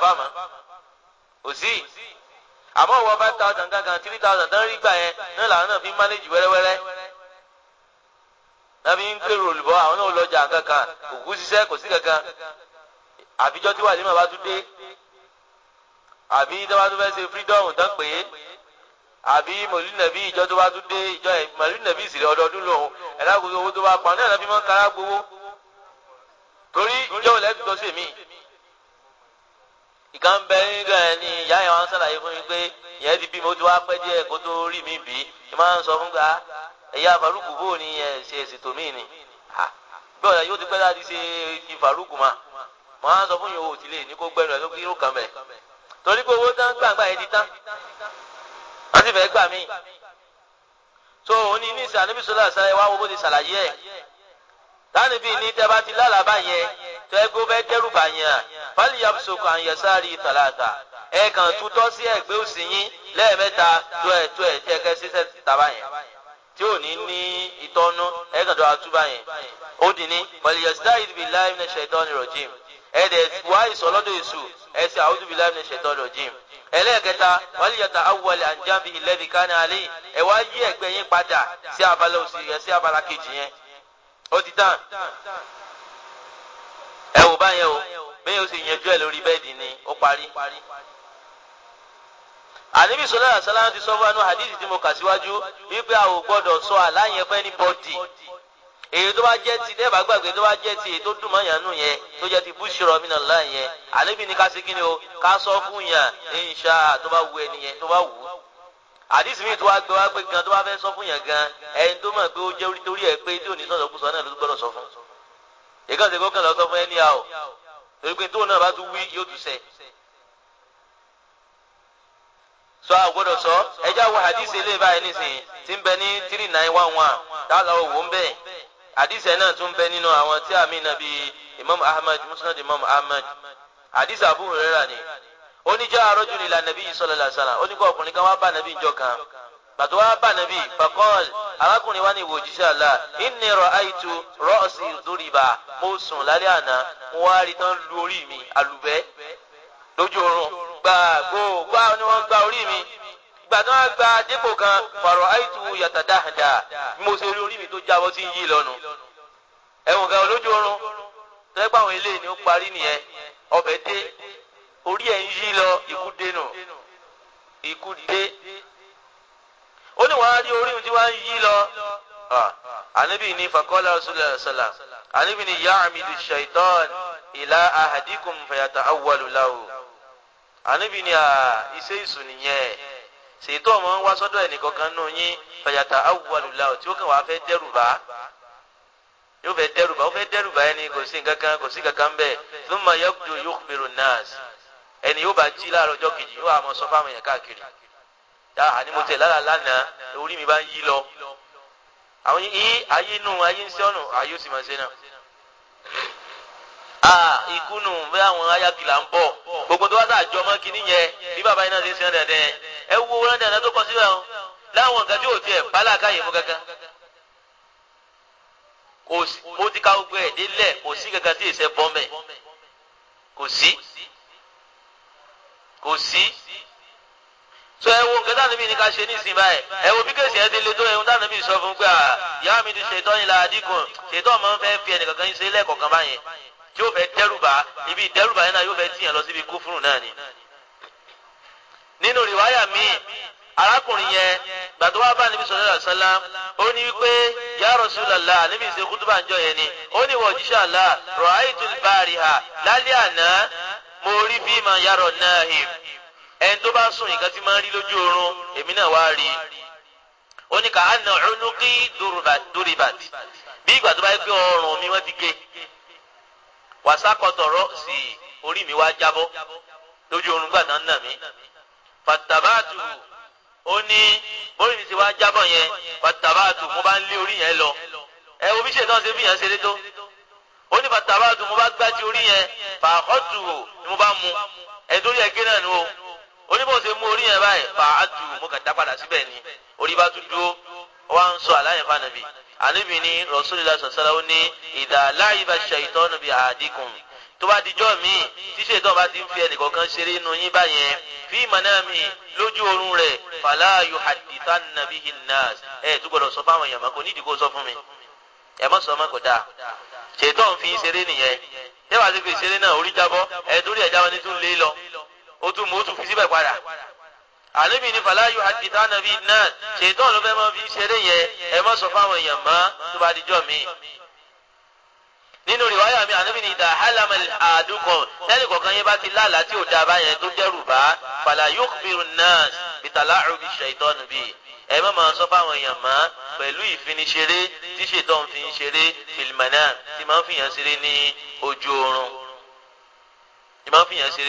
máa àmọ́ ìwọ five thousand gangan three thousand tán rí gbà yẹn náà làwọn náà fi ń manage wẹ́rẹ́wẹ́rẹ́ náà fi ń pèrò olùbọ́ àwọn náà lọ́jà kankan òkú ṣiṣẹ́ kò sí kankan àbíjọ́ tí wà lẹ́mọ̀ bá tún dé àbí tí wọ́n tún fẹ́ ṣe freedom tán pé àbí mọ̀lúnàbí ìjọ tó bá tún dé ìjọ mọ̀lúnàbí ìsìlẹ̀ ọdọọdún lòun ẹ̀dá gbogbo owó tó bá pa náà lọ́ fi mọ́ ń kára gbowó torí ìjọ ò lẹ́tọ̀ọ́ sèmíì ìkan bẹ nígbà yẹn ni ìyá yẹn wọn sàlàyé fún mi pé ìyẹn ti bímọ tí wàá pẹ díẹ̀ kó tó rí mi bí ẹ máa ń sọ fún gbà faruku bò ni ṣe ṣètò mí ni bí ọ̀dà yóò ti pẹ́ láti ṣe ti faruku ma wọ́n á sọ fún yòówù tí lè ní kó torí pé owó gbàgbà yẹn ti tán sì gbà mí so ní sọlá wo bó ti ní bá ti gbó falyabsuku an yasari thalatha ẹ kàn tutọ́ sí ẹ̀gbẹ́ òsì yín lẹ́ẹ̀mẹ́ta tó ẹ̀ tó ẹ̀ tẹ́ kẹ́ sísẹ́ tàbá yẹn tí ò ní ní ìtọ́nú ẹ kàn tó àtúbà yẹn ó dì ní falyasta'id billahi minash shaitonir rajim ẹ dẹ̀ wá ìsọlọ́dọ̀ èṣù ẹ sì a'udhu billahi minash shaitonir rajim ẹlẹ́ẹ̀kẹta wọ́n yàtà awọ́lẹ̀ àǹjáàbí ìlẹ́bí kánà alẹ́ ẹ wá yí ẹ̀gbẹ́ yín padà sí abala òsì yẹn sí abala kejì yẹn ó ti tán ẹ wò báyẹn o bẹ́ẹ̀ ó sì yanjú ẹ̀ lórí bẹ́ẹ̀dì ni ó parí. àníbi sọlá àṣálá ti sọ fún hadith tí mo kà síwájú wípé a ò gbọ́dọ̀ sọ àláyẹn fẹ́ ní bọ́dì èyí tó bá jẹ́ ti dẹ́ẹ̀bà gbàgbé tó bá jẹ́ ti èyí tó dùn mọ́yàn nù yẹn tó jẹ́ ti búṣọ̀rọ̀ mi náà láàyè yẹn àníbi ni ká sí kí ni o ká sọ fún yàn insha tó bá wù ẹni yẹn tó bá wù ú àdìsí mi tó wá gbé wá pé gan tó wá fẹ́ sọ fún yàn gan ẹni tó mọ̀ pé ó jẹ́ orí torí ẹ̀ pé tí ò ní sọ̀rọ̀ kú sọ náà ló gbọ́dọ̀ sọ fún. ìkànnì kó kàn lọ sọ fún ẹni àwọ̀ torí pé tóun náà bá tún wí yóò tún ṣẹ sọ àgbọ́dọ̀ sọ ẹjá wo hadith ilé báyìí nísìnyí tí ń bẹ ní three nine one one táwọn wò ń bẹ hadith náà tún bẹ nínú àwọn tí àmì nàbí imam ahmed musnad imam ahmed hadith abu hurairah ni ó ní jẹ́ àrọ́jù nílà nàbí sallallahu alaihi wasallam ó ní kọ́ ọkùnrin kan wá bá nàbí ìjọ kan pàtó wá bá nàbí fakọ́ọ̀lì arákùnrin wa ní ìwò òjíṣẹ́ Allah inni ra'aytu ra'si duriba mo sùn lálẹ́ àná mo wá rí tán lu orí mi àlùbẹ́ lójú oorun gbàgbó gbá ni wọ́n gba orí mi gbàdán àgbà dépò kan fàrọ̀ àìtù yàtà dáadáa bí mo ṣe rí orí mi tó jábọ́ sí yí lọ́nu ẹ̀wọ̀n gan lójú oorun tẹ́gbà àwọn eléyìí ni ó parí nìyẹn ọbẹ̀ dé orí ẹ̀ ń yí lọ ikú dé ikú dé ó ní wàá rí orí tí wàá ń yí lọ ànábì ní fakọ́lá rasulullah sọlá ànábì ní ya'midu shaitan ìlà ahadikum fayata awwalu lahu ànábì ní iṣẹ́ ìsù nìyẹn ṣètò ọmọ ń wá sọ́dọ̀ ẹnìkọ̀ọ̀kan nù yín fayata awwalu lahu tí ó kàn wàá fẹ́ dẹ́rù bá yóò fẹ́ dẹ́rùbà ó fẹ́ dẹ́rùbà ẹni kò sí nǹkankan kò sí nǹkankan bẹ́ẹ̀ thumma yabdu yukhbiru nas ẹni yóò bá jí láàárọ̀ ọjọ́ kejì yóò àmọ́ sọ fáwọn èèyàn káàkiri Ah, àní mo tẹ̀ lára lánàá orí mi bá ń yí lọ àwọn yìí ayé nù ayé ń sọ́nù ayé ó sì máa ṣe náà aa ah, ikú nù bí àwọn ayagila ń bọ̀ gbogbo tó wá sá àjọ ọmọ kìíní yẹn bí bàbá yìí náà ṣe ń sẹ́yìn dandan yẹn ẹ wo wọn dandan tó kọ síbẹ̀ o láwọn nǹkan tí ò tiẹ̀ pálákà yẹn fún kankan kò sí ó ti ká gbogbo ẹ̀ délẹ̀ kò sí kankan tí èsẹ̀ bọ́ mẹ́ kò sí kò sí so ẹ wo nǹkan tánàbí ni ká ṣe ní ìsìn báyìí ẹ wo bí kèsì ẹ ti le tó ẹhun tánàbí sọ fún pé ìyá mi ti ṣètọ́ ni làádìkùn ṣètọ́ ọmọ fẹ́ fi ẹnìkankan yín ṣe lẹ́ẹ̀kọ̀kan báyẹn tí yóò fẹ́ dẹ́rùbà ibi ìdẹ́rùbà yẹn náà yóò fẹ́ tìyàn lọ síbi kúfùrù náà ni. nínú rìwáyà mi arákùnrin yẹn gbàtọ́ wá bá níbi sọ̀rọ̀ àṣálá ó ní wípé ya Rasulullah níbi ìṣe kútúbà ń jọ yẹn ni ó ní wọ òjíṣẹ́ Allah rọ̀ àìtúlbàrì lálẹ́ àná mo rí bímọ yàrá náà hìm ẹni tó bá sùn nǹkan tí máa ń rí lójú oorun èmi náà wá rí i ó ní ká àna ọ̀nùkí duribat bí ìgbà tó bá yẹ ọrùn mi wọ́n ti gé wàsákọ̀tọ̀rọ̀ sí orí mi wá jábọ́ lójú oorun gbà tán nà mí fàtàbáàtù ó ní bóyá mi ti wá jábọ̀ yẹn fàtàbáàtù mo bá ń lé orí yẹn lọ ẹ wo bí ṣètọ́ ṣe fi yẹn ṣeré tó ó ní fàtàbáàtù mo bá gbá ti orí yẹn fàkọ́tù ni mo bá mu ẹ̀ dórí ẹ̀ gé náà ni o oníbò ṣe mú orí yẹn báyìí pa àtù mo kàn dá padà síbẹ̀ ni orí bá tún dúró wá ń sọ àlàyé fún ànàbì ànàbì ni rasulillah sọ̀sọ́lá ó ní ìdá láìba ṣàìtọ́nù bí àdínkù tó bá dijọ́ mi tí ṣètò bá ti ń fi ẹnìkọ̀ọ̀kan ṣeré inú yín báyẹn fi manami lójú oorun rẹ̀ fàlà yuhadithanna bihi nnas ẹ̀ tó gbọ́dọ̀ sọ fáwọn èèyàn mọ́ kò ní ìdíkó sọ fún mi ẹ̀ mọ́ sọ mọ́ kò dáa ṣètò ń fi ṣeré nìyẹn tẹ́wàá ti fi ṣeré náà orí jábọ́ ẹ̀ torí ẹ̀ jábọ́ ní tún lé lọ ó tún mú ó tún fi síbẹ̀ padà àlébi ní fàlàyé àdìtá nàbí náà ṣètò ọ̀nà fẹ́ẹ́ máa fi ṣeré yẹn ẹ má sọ fáwọn èèyàn mọ́ tó bá dijọ́ mi. nínú rìwáyà mi àlébi ní ìdá hálàmà àdúkọ tẹ́lẹ̀ kọ̀ọ̀kan yẹn bá ti lálàá tí ò dá báyẹn tó dẹ́rù bá fàlàyé òkùnfìrún náà bìtàlá àrùbí ṣètò ọ̀nà bíi ẹ má máa sọ fáwọn èèyàn mọ́ pẹ̀lú ìfiniṣeré tí ṣètò ń fi ń ṣeré fìlìmọ̀nà tí máa ń fìyàn ṣeré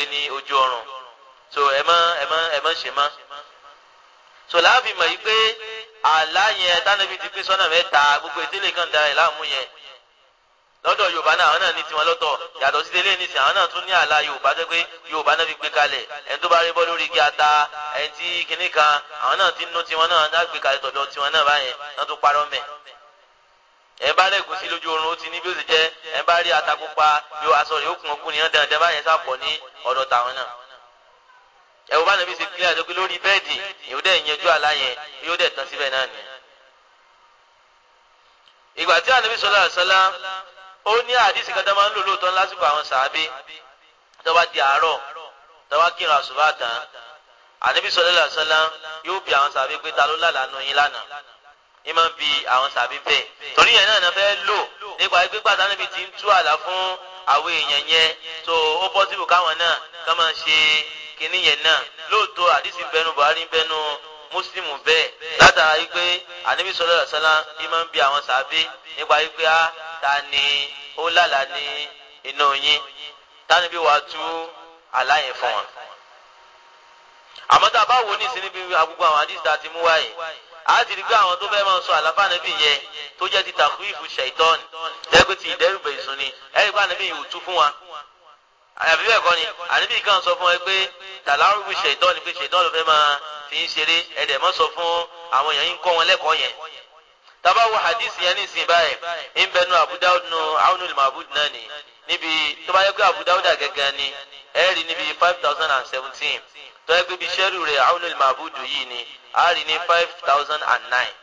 ní ojú oorun so ẹ mọ ẹ mọ ẹ mọ ṣe mọ so láàfin mọ̀ yìí pé àlá yẹn tánàbí ti pín sọ́nà mẹ́ta gbogbo ìdílé kan dára ẹ̀ láàmú yẹn lọ́dọ̀ yorùbá náà àwọn náà ní tiwọn lọ́tọ̀ yàtọ̀ sí délé ní sìn àwọn náà tún ní àlá yorùbá tó pé yorùbá náà fi gbé kalẹ̀ ẹni tó bá rí bọ́ lórí igi ata ẹni tí kinní kan àwọn náà ti nú tiwọn náà náà gbé kalẹ̀ tọ̀dọ̀ tiwọn náà báyẹn náà tó parọ́ mẹ́ ẹ bá rẹ̀gùn sí lójú oorun ó ti ní bí ó ti jẹ́ ẹ bá rí ata pupa yóò aṣọ rẹ̀ ó kún okùn nìyẹn dandan báyẹn sápọ̀ ní ọ̀dọ̀ tàwọn náà ẹ̀wọ̀n bá nàbí ṣe kílẹ̀ àti pé lórí bẹ́ẹ̀dì yóò dẹ̀ yanjú àlá yẹn yóò dẹ̀ tán síbẹ̀ náà nìyẹn. ìgbà tí ànábì sọlá àṣálá ó ní àdìsí kan tó máa ń lò lóòótọ́ lásìkò àwọn sàábé tó bá di àárọ̀ tó kírun àṣùbà tán ànábì sọlá àṣálá yóò bi àwọn sàábé pé ta ló lálàánú yín lánàá yín máa ń bi àwọn sàábé bẹ́ẹ̀ torí yẹn náà fẹ́ lò nípa pé gbàdá ti ń tú àlá fún àwọn èèyàn yẹn tó ó bọ́ káwọn náà kán máa ṣe kíní yẹn náà lóòótọ́ àdìsí bẹnu buhari bẹnu muslimu bẹ́ẹ̀ látara yìí pé ànábì sọlọ ọsánlá yìí máa ń bi àwọn sàbí nípa yìí pé á ta ni ó lálà ní inú yín táni bí wàá tú àlàyé fún wọn. àmọ́ tá a bá wò ní ìsinmi bíi agbègbè àwọn àdìsí tá a ti mú wáyé a ti rí pé àwọn tó fẹ́ máa sọ àlàfà níbí yẹn tó jẹ́ ti tàkúrìfù ṣẹ̀tọ́ọ̀nì lẹ́gbẹ̀ẹ́ ti ìdẹ́rùbẹ̀ ìsúnni ẹ̀rí pé ànábì yìí ò tú fún wa àyàfi bẹ́ẹ̀ kọ́ ni àníbì kan sọ fún ẹ pé tàlárùbù ṣètọ́ ni pé ṣètọ́ ló fẹ́ máa fi ń ṣeré ẹ̀dẹ̀ mọ́ sọ fún àwọn èèyàn yín kọ́ wọn lẹ́kọ̀ọ́ yẹn tàbá wo hadith yẹn ní ìsìn báyìí ń bẹ nu Abu Dawud nu aunul mabud náà ni níbi tó bá yẹ pé Abu Dawud gẹ́gẹ́ ni ẹ rí níbi five thousand and seventeen tó yẹ pé bí sẹ́rù rẹ̀ aunul mabud yìí ni a rí ní five thousand and nine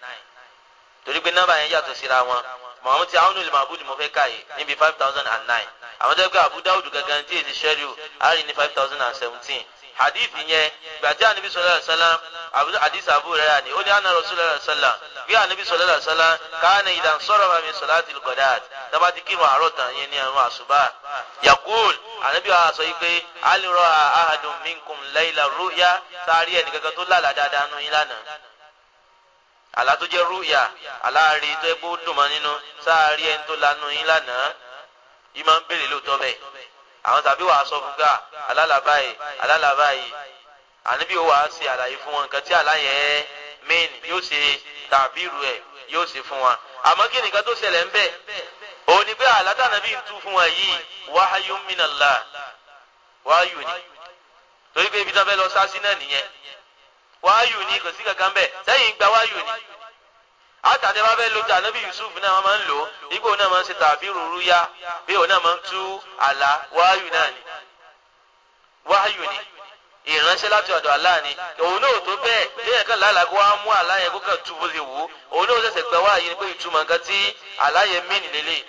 torí pé nọ́mbà yẹn yàtọ̀ síra wọn mọ̀ọ́mú ti aunul mabud mo fẹ́ five thousand and nine àwọn tó gbé Abu Dawud gangan tí èsì ṣẹ́ríù àárín ní five thousand and seventeen hadith yẹn gbàtí ànábi sọlá ṣẹlá hadith Abu Hurairah ni ó ní àná Rasulullah ṣẹlá bí ànábi sọlá ṣẹlá káàní ìdá sọ̀rọ̀ min salatil ghadat tábà ti kírun àárọ̀ tán yẹn ní àrùn àṣùbà yakul ànábi wa sọ pé alirọ ahadun minkum layla ruya sáré ẹnì kankan tó lálàá dáadáa nù yín lánàá àlá tó jẹ́ rúyà aláàrí tó ẹgbó dùnmọ́ nínú sáà ẹni tó lanu yín yìí máa ń béèrè lóòótọ́ bẹ́ẹ̀ àwọn tàbí wàá sọ fún gà ah, alálàbáyé alálàbáyé àníbí ó wàá ṣe àlàyé fún wọn nǹkan tí àlàyé ẹ main yóò ṣe tàbírù ẹ yóò ṣe fún wa àmọ́ kí nìkan tó ṣẹlẹ̀ ń bẹ̀ òun ni pé àlátànàbí ń tú fún wa yìí wáyú mìnàlá wáyú ni torí pé ibi tí wọ́n fẹ́ lọ sá sí náà nìyẹn wáyú ni kò sí kankan bẹ́ẹ̀ sẹ́yìn gba wáyú ni àtàtẹ bá fẹ́ lo ti ànábì Yusuf náà wọ́n máa ń lò ó igbó náà máa ń ṣe tàbí rúurú yá bí òun náà máa ń tú àlá wáyù náà ni wáyù ni ìránṣẹ́ láti ọ̀dọ̀ àlá ni òun náà tó bẹ́ẹ̀ téèyàn kan lálàá kó wá mú àlá yẹn kó kàn bó ṣe wù ú òun náà ṣẹ̀ṣẹ̀ gbà wáyé ni pé ìtumọ̀ nǹkan tí àlá yẹn mí nìlélẹ̀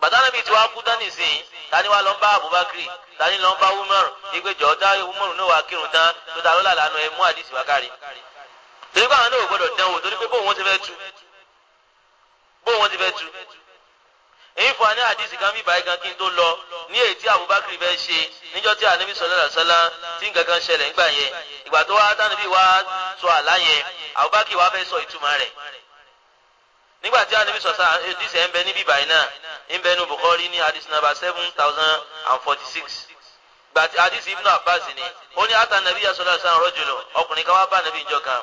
bàtànàbí tí wàá kú tán nìsín tani wàá lọ bá Abubakar tani lọ ń bá Umar ìgbẹ́jọ́ tá Umar náà wàá kírun tán tó ta lọ́lá lánàá ẹ mú àdìsí wákàrí torí pé àwọn náà ò gbọdọ̀ dánwò torí pé bóun wọn ti fẹ́ tu bóun wọn ti fẹ́ tu èyí fún wa ní àdìsí kan bí báyìí kan kí n tó lọ ní èyí tí Abubakar fẹ́ ṣe níjọ́ tí Ànábì sallallahu alaihi wasallam tí nǹkan kan ṣẹlẹ̀ nígbà yẹn ìgbà tó wá tánàbí wá sọ àlá yẹn Abubakar wá fẹ́ sọ ìtumọ̀ rẹ̀ nígbà tí Ànábì sọ̀sá àdìsí ẹ̀ ń bẹ níbí báyìí náà ń bẹ ní Bukhari ní àdìsí nàbà seven thousand and forty six gbàtí àdìsí Ibn Abbas ni ó ní àtànàbí sallallahu alaihi wasallam rajulun ọkùnrin kan wá bá Ànábì ìjọ kan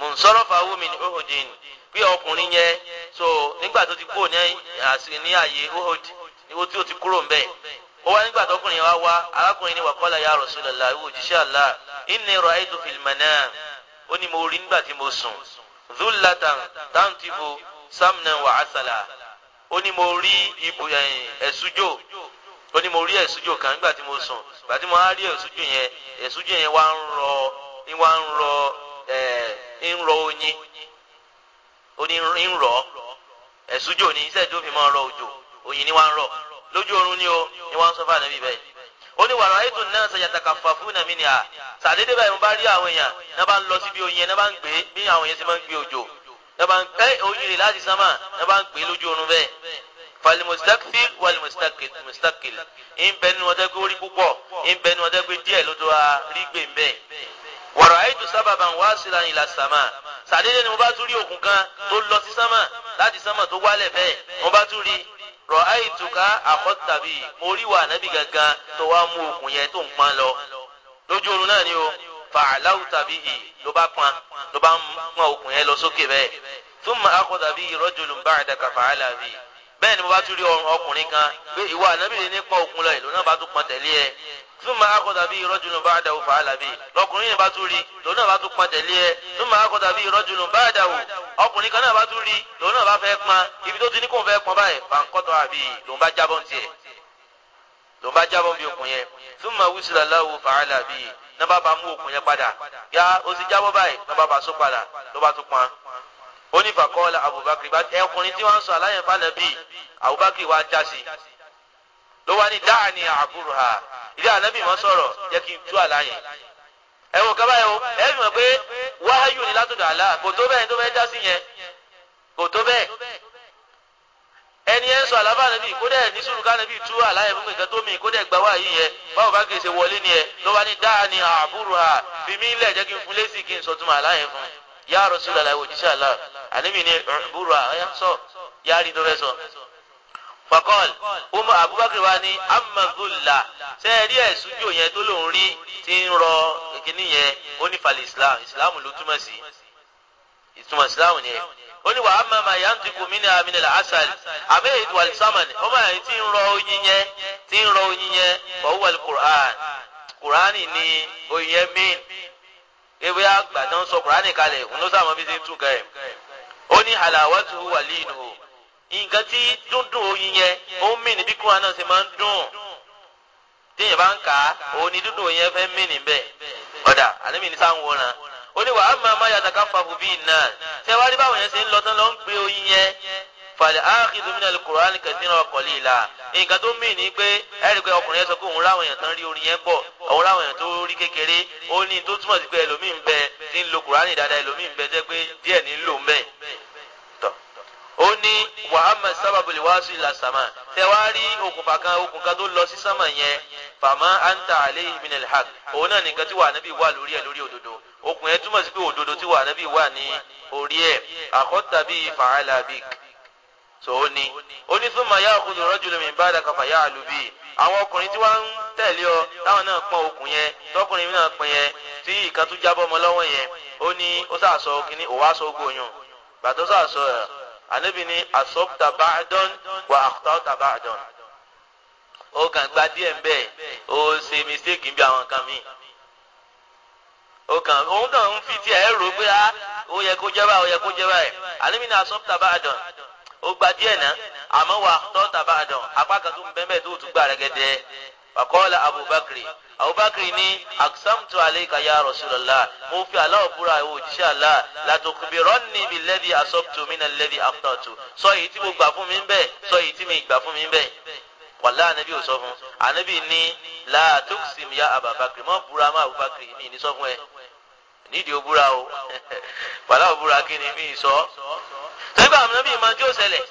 mùsọ̀rọ̀fà wùmí ní ohudin bí ọkùnrin yẹn so nígbà tó ti kúrò ní àyè ohud ni tí ó ti kúrò mbẹ ó wá nígbà tó ọkùnrin wa wá arákùnrin ni wàkọ́lá ya Rasulullah ìwò òjíṣẹ́ Allah inni ra'aytu fil manam ó ní mo rí nígbà tí mo sùn zulatan tantifu samna wa asala ó ní mo rí ibù eh, ẹ̀sújò ó ní mo rí ẹ̀sújò kan nígbà tí mo sùn nígbà tí mo á rí ẹ̀sújò yẹn ẹ̀sújò yẹn wá ń rọ eh, ń rọ oyin oní ń rọ ẹ̀sùjò ní iṣẹ́ tó fi máa rọ òjò oyin ni wọ́n ń rọ lójú oorun ni o ni wọ́n ń sọ fún ànábì bẹ́ẹ̀ ó ní wàrà ètò náà sayatakaffafuna minha sàdédé báyìí mo bá rí àwọn èèyàn náà bá ń lọ síbi oyin náà bá ń gbé bí àwọn èèyàn ti máa ń gbé òjò náà bá ń pẹ́ oyin rè láti sánmà náà bá ń gbé lójú oorun bẹ́ẹ̀ falimustakfil walimustakil ń bẹ nínú ọdẹ pé ó rí púpọ̀ ń wàrà àìtù sábàbà wà sílá ìlà sàmà sàdédé ni mo bá tún rí òkun kan tó lọ sí sánmà láti sánmà tó wálẹ̀ bẹ́ẹ̀ mo bá tún rí rọ àìtù ká àkọ́tàbí mo rí wà nábì gangan tó wá mú òkun yẹn tó ń pan lọ lójú oorun náà ni o fàáláwù tàbí hì ló bá pan ló bá ń pọn òkun yẹn lọ sókè bẹ́ẹ̀ fún ma akọ̀tàbí rọ́jòlù bá àdàkà fàálà bíi bẹ́ẹ̀ ni mo bá tún rí ọkùnrin kan pé ìwà ànábìrin ní pọn òkun lọ súnmọ́ akọ̀dà bíi rọ́jùlù bá dàwù fàálà bíi lọkùnrin yẹn bá tún rí lòun náà bá tún pọn tẹ̀lé ẹ súnmọ́ akọ̀dà bíi rọ́jùlù bá dàwù ọkùnrin kan náà bá tún rí lòun náà bá fẹ́ pọn ibi tó ti ní kò fẹ́ pọn báyìí pàǹkọ́tọ̀ àbí lòun bá jábọ̀ ní tiẹ̀ lòun bá jábọ̀ bí okùn yẹn súnmọ́ wísìlá láwù fàálà bíi náà bá bá mú okùn yẹn padà yá ó sì jábọ̀ báyìí náà bá ìdí ànábì mọ́ sọ̀rọ̀ jẹ́ kí n tú àlá yẹn ẹ wò kaba yẹn o ẹ fi mọ̀ pé wáyù ni látọ̀dọ̀ àlá kò tó bẹ́ẹ̀ tó bẹ́ẹ̀ já sí yẹn kò tó bẹ́ẹ̀ ẹni ẹ ń sọ àlàfà níbi kódà ní sùrùká níbi tú àlàyé fún nǹkan tó mi kódà gbà wá yìí báwo bá kèsè wọlé ni ẹ ló wá ní dáa ni àbúrò ha fi mí lẹ̀ jẹ́ kí n fún lé sí kí n sọ tún àlàyé fún yàrá sílẹ̀ àlàyé òjíṣẹ́ àlà àníbi ni àbúrò ha ẹ sọ yàrá ìdọ́fẹ́ sọ fakọ́l ọmọ abubakar wa ní amadulla ṣe é rí ẹ̀sùn jò yẹn tó lòun rí ti ń rọ kíní yẹn ó ní falẹ̀ islam islam ló túmọ̀ sí ìtumọ̀ islam yẹn ó ní wàá mama yantiku mina aminala asal abeyid walisaman ọmọ yẹn ti ń rọ oyin yẹn ti ń rọ oyin yẹn wàhùwàl qur'an qur'an ni oyin yẹn main ewé àgbà sọ qur'an kalẹ̀ òun ló sáà mọ bí ti ń tún kẹ́ ẹ̀ ó ní halawatu walinuhu nǹkan tí dúndùn oyin yẹn ó ń mìíní bí kúrò náà ṣe máa ń dùn téèyàn bá ń kà á òun ni dúndùn oyin yẹn fẹ́ mìíní bẹ́ẹ̀ ọ̀dà àlẹ́mì ní sáwọn wòran ó ní wàá máa má yàtọ̀ káfà fún bíi náà ṣé wàá rí báwọn yẹn ṣe ń lọ tán lọ ń gbé oyin yẹn fàlẹ́ áàkìdù mí nàlẹ́ kùránì kẹsìnà ọkọ̀ líla nǹkan tó mì ní pé ẹ̀rí ọkùnrin yẹn sọ pé òun ráwọn èèyàn tán rí orin yẹn pọ̀ òun ráwọn èèyàn tó rí kékeré ó ní tó túmọ̀ sí pé ẹlòmíì ń bẹ tí ń lo kùránì dáadáa ẹlòmíì ń bẹ jẹ́ pé díẹ̀ ní lò ń bẹ́ẹ̀ ó ní wàhámà sábàbùlì wàásù ìlà sàmà tẹwárí okùnfà kan okùnfà tó lọ sí sàmà yẹn fàmà àǹtà àlẹ́ ìmìnà hàk òun náà nìkan tí wà nábì wà lórí ẹ̀ lórí òdodo okùn yẹn túmọ̀ sí pé òdodo tí wà nábì wà ní orí ẹ̀ àkọ́tà bí fàálà bík tó ó ní ó ní súnmọ́ yá òkú lọ́rọ́ jùlọ mi bá dàkà fàyà àlùbí àwọn ọkùnrin tí wọ́n ń tẹ̀lé ọ táwọn náà pọn okùn yẹn tọkùnrin náà pọn yẹn tí ìkan tún jábọ́ ọmọ lọ́wọ́ yẹn ó ní ó sàsọ kínní òwá sọ gbóyún gbàtọ́ sàsọ ẹ̀ anabi ni asọ́pútà báàdọ́n wa àkútàwọ́tà báàdọ́n. ó kàn gba díẹ̀ ń bẹ́ẹ̀ ó ṣe mistake bí àwọn kan míì. ó kàn òun náà ń fi tiẹ̀ rò pé á ah, ó yẹ kó jẹ́ báyìí ó yẹ kó jẹ́ báyìí anabi ni asọ́pútà báàdọ́n ó gba díẹ̀ náà àmọ́ wà àkútàwọ́tà báàdọ́n apá kan tó ń bẹ́ẹ̀ tó tún gbà rẹ́gẹ́dẹ́ wàkọ́ọ̀lá abubakari abubakari ní aksamtu aleika ya rasulallah mo fi aláwọ̀ búra ìwò òjíṣẹ́ àlá latukhbironni billadhi asabtu mina alladhi akhta'tu sọ èyí tí mo gbà fún mi ń bẹ̀ sọ èyí tí mi gbà fún mi ń bẹ̀ wàlá anabi ò sọ fún anabi ní la tuksim ya abubakari mọ́ búra mọ́ abubakari mi ní sọ fún ẹ nídìí ó búra o wàlá ò kí ni mi sọ. sẹ́gbà anabi máa jó sẹlẹ̀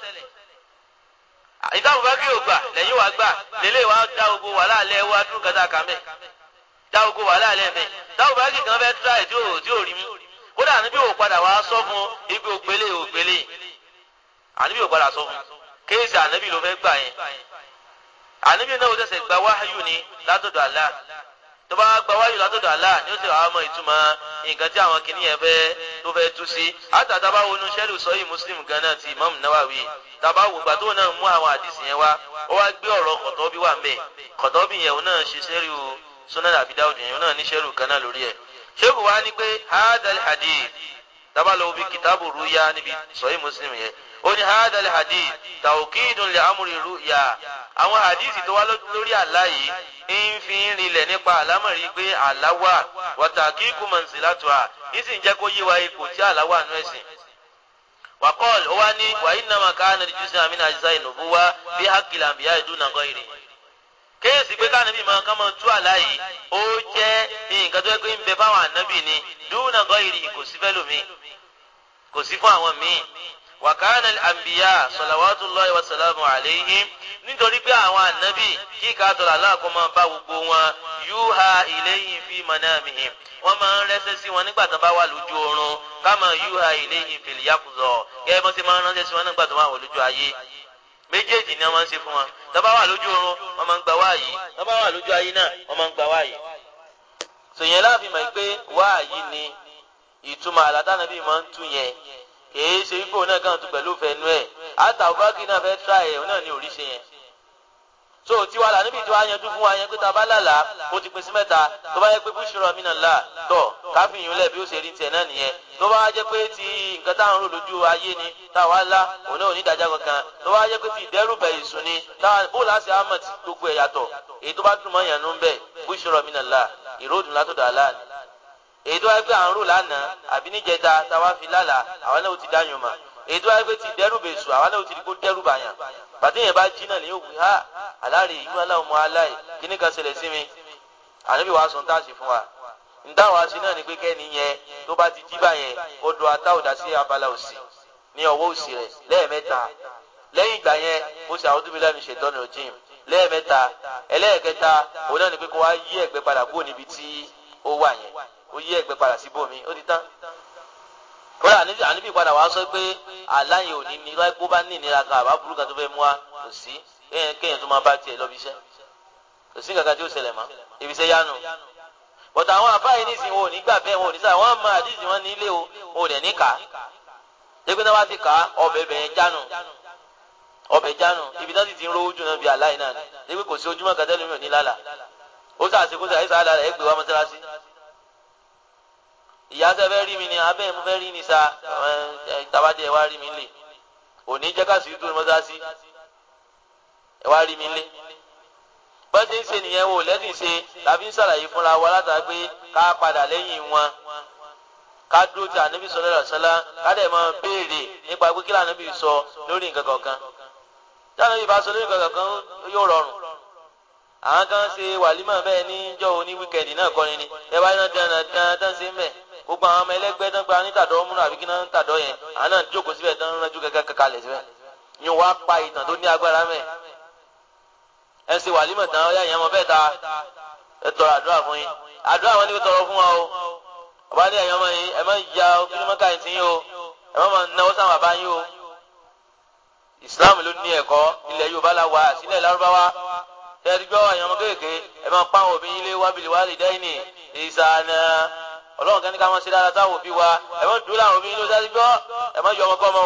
ìdá Abubakar ò gbà lẹ́yìn wa gbà lélẹ̀ wa dá ogo wàhálà alẹ́ wa dúró kẹta kan bẹ́ẹ̀ dá ogo wàhálà alẹ́ bẹ́ẹ̀ dá Abubakar kan fẹ́ tíra ẹ̀ tí ò rí mú kódà níbi ò padà wá sọ fún ibi ògbélé ògbélé àníbi ò padà sọ kéèsì àníbi ló fẹ́ gbà yẹn àníbi náà ó tẹ̀sẹ̀ gba wáyù ni látọ̀dọ̀ Allah tó bá gba wáyù látọ̀dọ̀ Allah ni ó sì wàá mọ ìtumọ̀ nǹkan tí àwọn kìnìyàn fẹ́ tó fẹ́ tú sí àtàtà bá wọnú sẹ́lù sọ́yìn Muslim gan náà ti Imam Nawawi tàbá wò gbà tó náà mú àwọn àdìsí yẹn wá ó wá gbé ọ̀rọ̀ kọ̀tọ́bí wà ńbẹ̀ kọ̀tọ́bí yẹn òun náà ṣe sẹ́ríù sunan abidáwùdì yẹn náà ní sẹ́ríù kan náà lórí ẹ̀ ṣéèkù wá ní pé hadal hadith tàbá lọ bí kìtàbù rúyà níbi sọ́yìn muslim yẹn ó ní hadal hadith tawkidun li amri rúyà àwọn hadith tó wá lórí àlá yìí ń fi ń rinlẹ̀ nípa àlámọ̀rí pé àlá wà wàtàkì kùmọ̀nsì látọ̀ à ń sì ń jẹ́ kó yé ipò tí àlá wà nú ẹ̀sìn وقال واني وانما كان الجزء من اجزاء النبوه في حق الانبياء دون غيره kéèsì pé káàní bíi máa ká máa tú àlá yìí ó jẹ́ nǹkan tó yẹ pé ń bẹ fáwọn ànábì ni dúnà gọ́ ìrì kò sí fẹ́ lómi kò sí fún àwọn wa kana al-anbiya salawatullahi wa salamu alayhim nítorí pé àwọn ànábì kí ká tọrọ aláàkó máa bá gbogbo wọn yuha ilayhim fi manamihim wọ́n máa ń rẹ́sẹ̀ sí wọn nígbà tó bá wà lójú oorun kama yuha ilayhim fil yaqza gẹ́gẹ́ bó ṣe máa ń ránṣẹ́ sí wọn nígbà tó wà lójú ayé méjèèjì ni wọ́n máa ń ṣe fún wọn tó bá wà lójú oorun wọ́n máa ń gba wáàyí tó bá wà lójú ayé náà wọ́n máa ń gba wáàyí. sèyàn láàfin mọ̀ pé wáàyí ni ìtumọ̀ àlàdánàbí máa ń tú yẹn kìí ṣe wípé òun náà kàn tún pẹ̀lú fẹnu ẹ̀ àtà òbákì náà fẹ́ tíra ẹ̀ òun náà ní oríṣi yẹn so tiwa là níbi tí wàá yanjú fún wa yẹn pé ta bá lálàá ó ti pín sí mẹ́ta tó bá yẹ pé búṣọrọ mi náà là tọ káfíìn yìí lẹ̀ bí ó ṣe rí tiẹ̀ náà nìyẹn tó bá jẹ́ pé ti nǹkan táwọn rò lójú ayé ni táwa lá òun náà ò ní ìdájọ́ kankan tó bá jẹ́ pé ti ìdẹ́rùbẹ̀ èṣù ni táwa bóòlù àti ahmed gbogbo ẹ̀ yàtọ̀ èyí tó bá dùn mọ́ yẹn nú bẹ́ẹ̀ búṣọrọ mi náà là ìròdùn látọ̀dọ̀ aláàni èdè wáyé pé à ń rò lánàá àbí níjẹta táwa fi lálàá àwọn náà ó ti dáyàn mọ̀ èdè wáyé pé ti dẹ́rù bèṣù àwọn náà ó ti di kó dẹ́rù bàyàn yẹn bá jí náà lè yóò aláàrẹ ìlú aláwọmọ aláì kíní kan ṣẹlẹ̀ sí mi ànábì wàá sọ táàsì fún wa ntáwọn aṣọ náà ni pé kẹ́ni yẹn tó bá ti jí báyẹn ó do atáwòdà sí abala òsì ní ọwọ́ òsì rẹ̀ lẹ́ẹ̀mẹ́ta lẹ́yìn ìgbà yẹn ó ṣe àwọn tó mi lẹ́nu ṣètọ́nù rẹ̀ lẹ́ẹ̀mẹ́ta ẹlẹ́ẹ̀kẹta òun náà ni pé kó wá yí ẹ̀gbẹ́ padà kúrò níbi tí ó wà yẹn ó yí ẹ̀gbẹ́ padà sí bòmí ó ti tán kódà àníbì padà wàá sọ pé aláyè òní ni láì kó bá ní ìnira kan àbá burúkú kan tó fẹ́ mú wa kò sí kéèyàn tó máa bá tiẹ̀ lọ bí iṣẹ́ kò sí kankan tí ó ṣẹlẹ̀ mọ́ ibi iṣẹ́ yánu bọ̀tà àwọn àbáyé nísìnyí wọn ò ní gbà bẹ́ẹ̀ wọn ò ní sáà wọ́n mọ àdìsí wọn nílé o wọn ò dẹ̀ ní kà á dẹ́gbẹ́ náà wá ti kà á ọbẹ̀ bẹ̀yẹn jánu ọbẹ̀ jánu ibi náà sì ti ń rówó jù náà bí aláì náà ni dẹ́gbẹ́ kò sí ojúmọ́ kẹtẹ́lómi ò ní lálà ó sàṣekúṣe àyíṣà àdára ẹ̀ gbé wa mọ́sálásí ìyá sẹ fẹ́ rí mi ni abẹ́ mo fẹ́ rí ni sa tabadé ẹ wá rí mi lè òní jẹ́ká sí tó mọ́sáàsì ẹ wá rí mi lè bọ́sẹ̀ ń ṣe nìyẹn wò lẹ́sìn ṣe tàbí ń ṣàlàyé fúnra wa látà pé ká padà lẹ́yìn wọn ká dúró ti ànábì sọ lọ́dọ̀ sọ́lá ká dẹ̀ máa béèrè nípa pé kí lànábì sọ lórí nǹkan kọ̀ọ̀kan tí ànábì bá sọ lórí nǹkan kọ̀ọ̀kan yóò rọrùn àwọn kan ṣe wàlímà bẹ́ẹ̀ ní jọ́ òní wíkẹ̀ndì náà kọrin ni ẹ bá iná dandan dandan ṣe ń bẹ́ẹ̀ gbogbo àwọn ọmọ ẹlẹgbẹ́ tán gba nítàdọ múnú àbí kí náà nítàdọ yẹn àwọn náà jókòó síbẹ̀ tán ránjú gẹ́gẹ́ kankanlẹ síbẹ̀ ni wàá pa ìtàn tó ní agbára mẹ ẹ ṣe wàlímọ̀ tán ọyá ìyẹn ọmọ bẹ́ẹ̀ ta ẹ tọrọ àdúrà fún yín àdúrà wọn ni kò tọrọ fún wa o ọba ní ẹ̀yọ́ ọmọ yìí ẹ má ya kílímọ́kà yìí tiyín o ẹ má máa náwó sáwọn bàbá yín o ìsìláàmù ló ní ẹ̀kọ́ ilẹ̀ Yorùbá la wà sílẹ̀ lárúbáwá tẹ́ẹ̀dúgbọ́ ẹ̀yọ́ ọmọ kéèké ẹ má pa òbí yín lé wábìlì wálé dẹ́yìn ìsànà ọlọ́run kan ní ká máa ṣe dáadáa táwọn òbí wa ẹ mọ́ dúró láwọn òbí yín ló sáré gbọ́ ẹ mọ́ yọ ọmọkọ́ ọmọ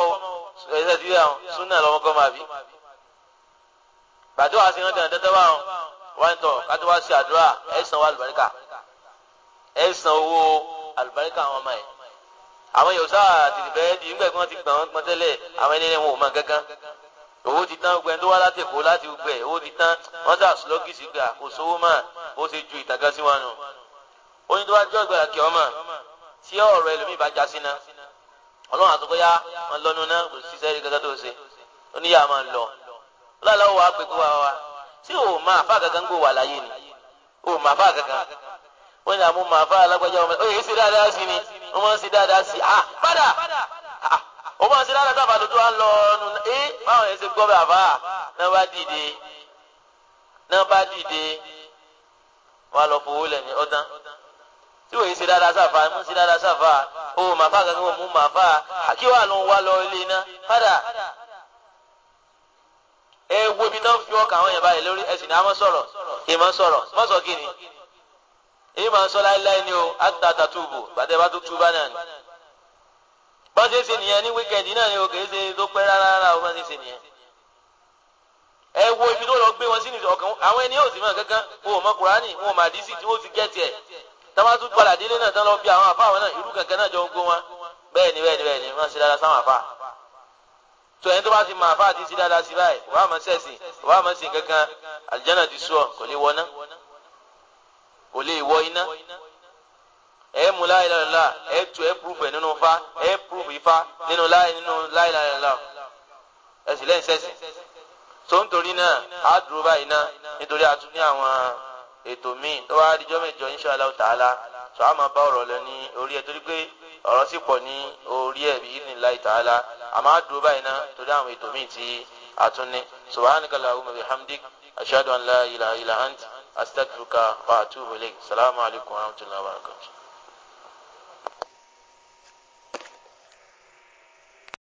o ẹ̀sẹ̀ ti rí àwọn súnà lọ́mọkọ́ máa bí. gbàdúrà sí ìrántí àdẹ́tẹ́ bá wọn wá ń tọ̀ ká tó wá sí àdúrà ẹ̀ san owó àlùbáríkà ẹ̀ san owó àlùbáríkà àwọn ọmọ ẹ̀. àwọn yorùbá àtìtì bẹ́ẹ̀ di ńgbẹ̀gbọ́n ti gbọ̀n wọn tẹ́lẹ̀ àwọn ẹni wọn ò mọ kankan owó ti tán gbẹ tó wá láti èkó láti gbẹ owó ti tán wọn sà slọgìsì gbà kò sówó mà ó ṣe ju ìtàgá sí nù oyin tó bá jọ ìgbà kí ọmọ tí ọ̀rọ̀ ẹlòmíì bá já sí ná ọlọ́run àtúkọ́yá wọn lọ́nu ná kò síṣẹ́ rí gẹ́gẹ́ tó ṣe oníyà máa lọ ọlọ́run wàá pè kó wa wa tí o máa fà kankan gbò wà láyé ni o máa fà kankan wọ́n ní àmú máa fà alágbájá ọmọ ẹ̀ ṣe dáadáa sí ni wọ́n máa ń ṣe dáadáa sí ah padà ah ó máa ń ṣe dáadáa sábà lójú wa lọ ọ́nù ẹ́ eh, báwọn yẹn ṣe gbọ́ bẹ́ẹ̀ àbá náà bá dìde náà bá dìde wọ́n tí òye ṣe dáadáa sáfà mú ṣe dáadáa sáfà o màfà kankan wọn mú màfà kí wàá lọ wá lọ ilé iná padà ẹ wo ibi náà fi ọkàn àwọn èèyàn báyìí lórí ẹ sì ní àmọ́ sọ̀rọ̀ ìmọ̀ sọ̀rọ̀ mọ́ sọ kí ni èyí máa ń sọ láéláé ni o àtàtà túbù bàtẹ́ bá tó túbá náà ni bá ṣe ṣe nìyẹn ní wíkẹ́ndì náà ni o kì í ṣe tó pẹ́ rárá rárá o bá ṣe ṣe nìyẹn ẹ wo ibi tó lọ gbé wọn sí nìyẹn ọkàn àwọn ẹni yóò sì mọ̀ kankan wọn ò mọ̀ kúránì wọn ò mọ̀ àdísì tí wọn ò fi gẹ́tì ẹ̀ tọ́wọ́ tún padà délé náà tán lọ bí àwọn àfa àwọn náà irú kankan náà jọ ń gbó wọn bẹ́ẹ̀ ni bẹ́ẹ̀ ni bẹ́ẹ̀ ni wọ́n ṣe dáadáa sáwọn àfa tó ẹni tó bá ti mọ àfa àti ṣe dáadáa sí báyìí wàá mọ sẹ́sìn wàá mọ sìn kankan àlìjánà ti sú ọ kò lè wọ iná kò lè wọ iná ẹ mú láìláìlá ẹ tu ẹ púrúfù ẹ nínú fa ẹ púrúfù ifá nínú láìláìlá ẹ sì lẹ́yìn sẹ́sìn tó ń torí náà á dúró báyìí náà nítorí a àwọn ètò míì tó wá díjọ́ mẹ́jọ insha Allah ta'ala tó a máa bá ọ̀rọ̀ lọ ní orí ẹ̀ torí pé ọ̀rọ̀ sì pọ̀ ní orí ẹ̀ bí idhnillahi ta'ala a máa dúró báyìí náà torí àwọn ètò míì tí a tún ní subhanaka Allahumma bihamdik ashhadu an la ilaha illa ant astaghfiruka wa atubu ilayk salamu alaykum wa rahmatullahi wa barakatuh.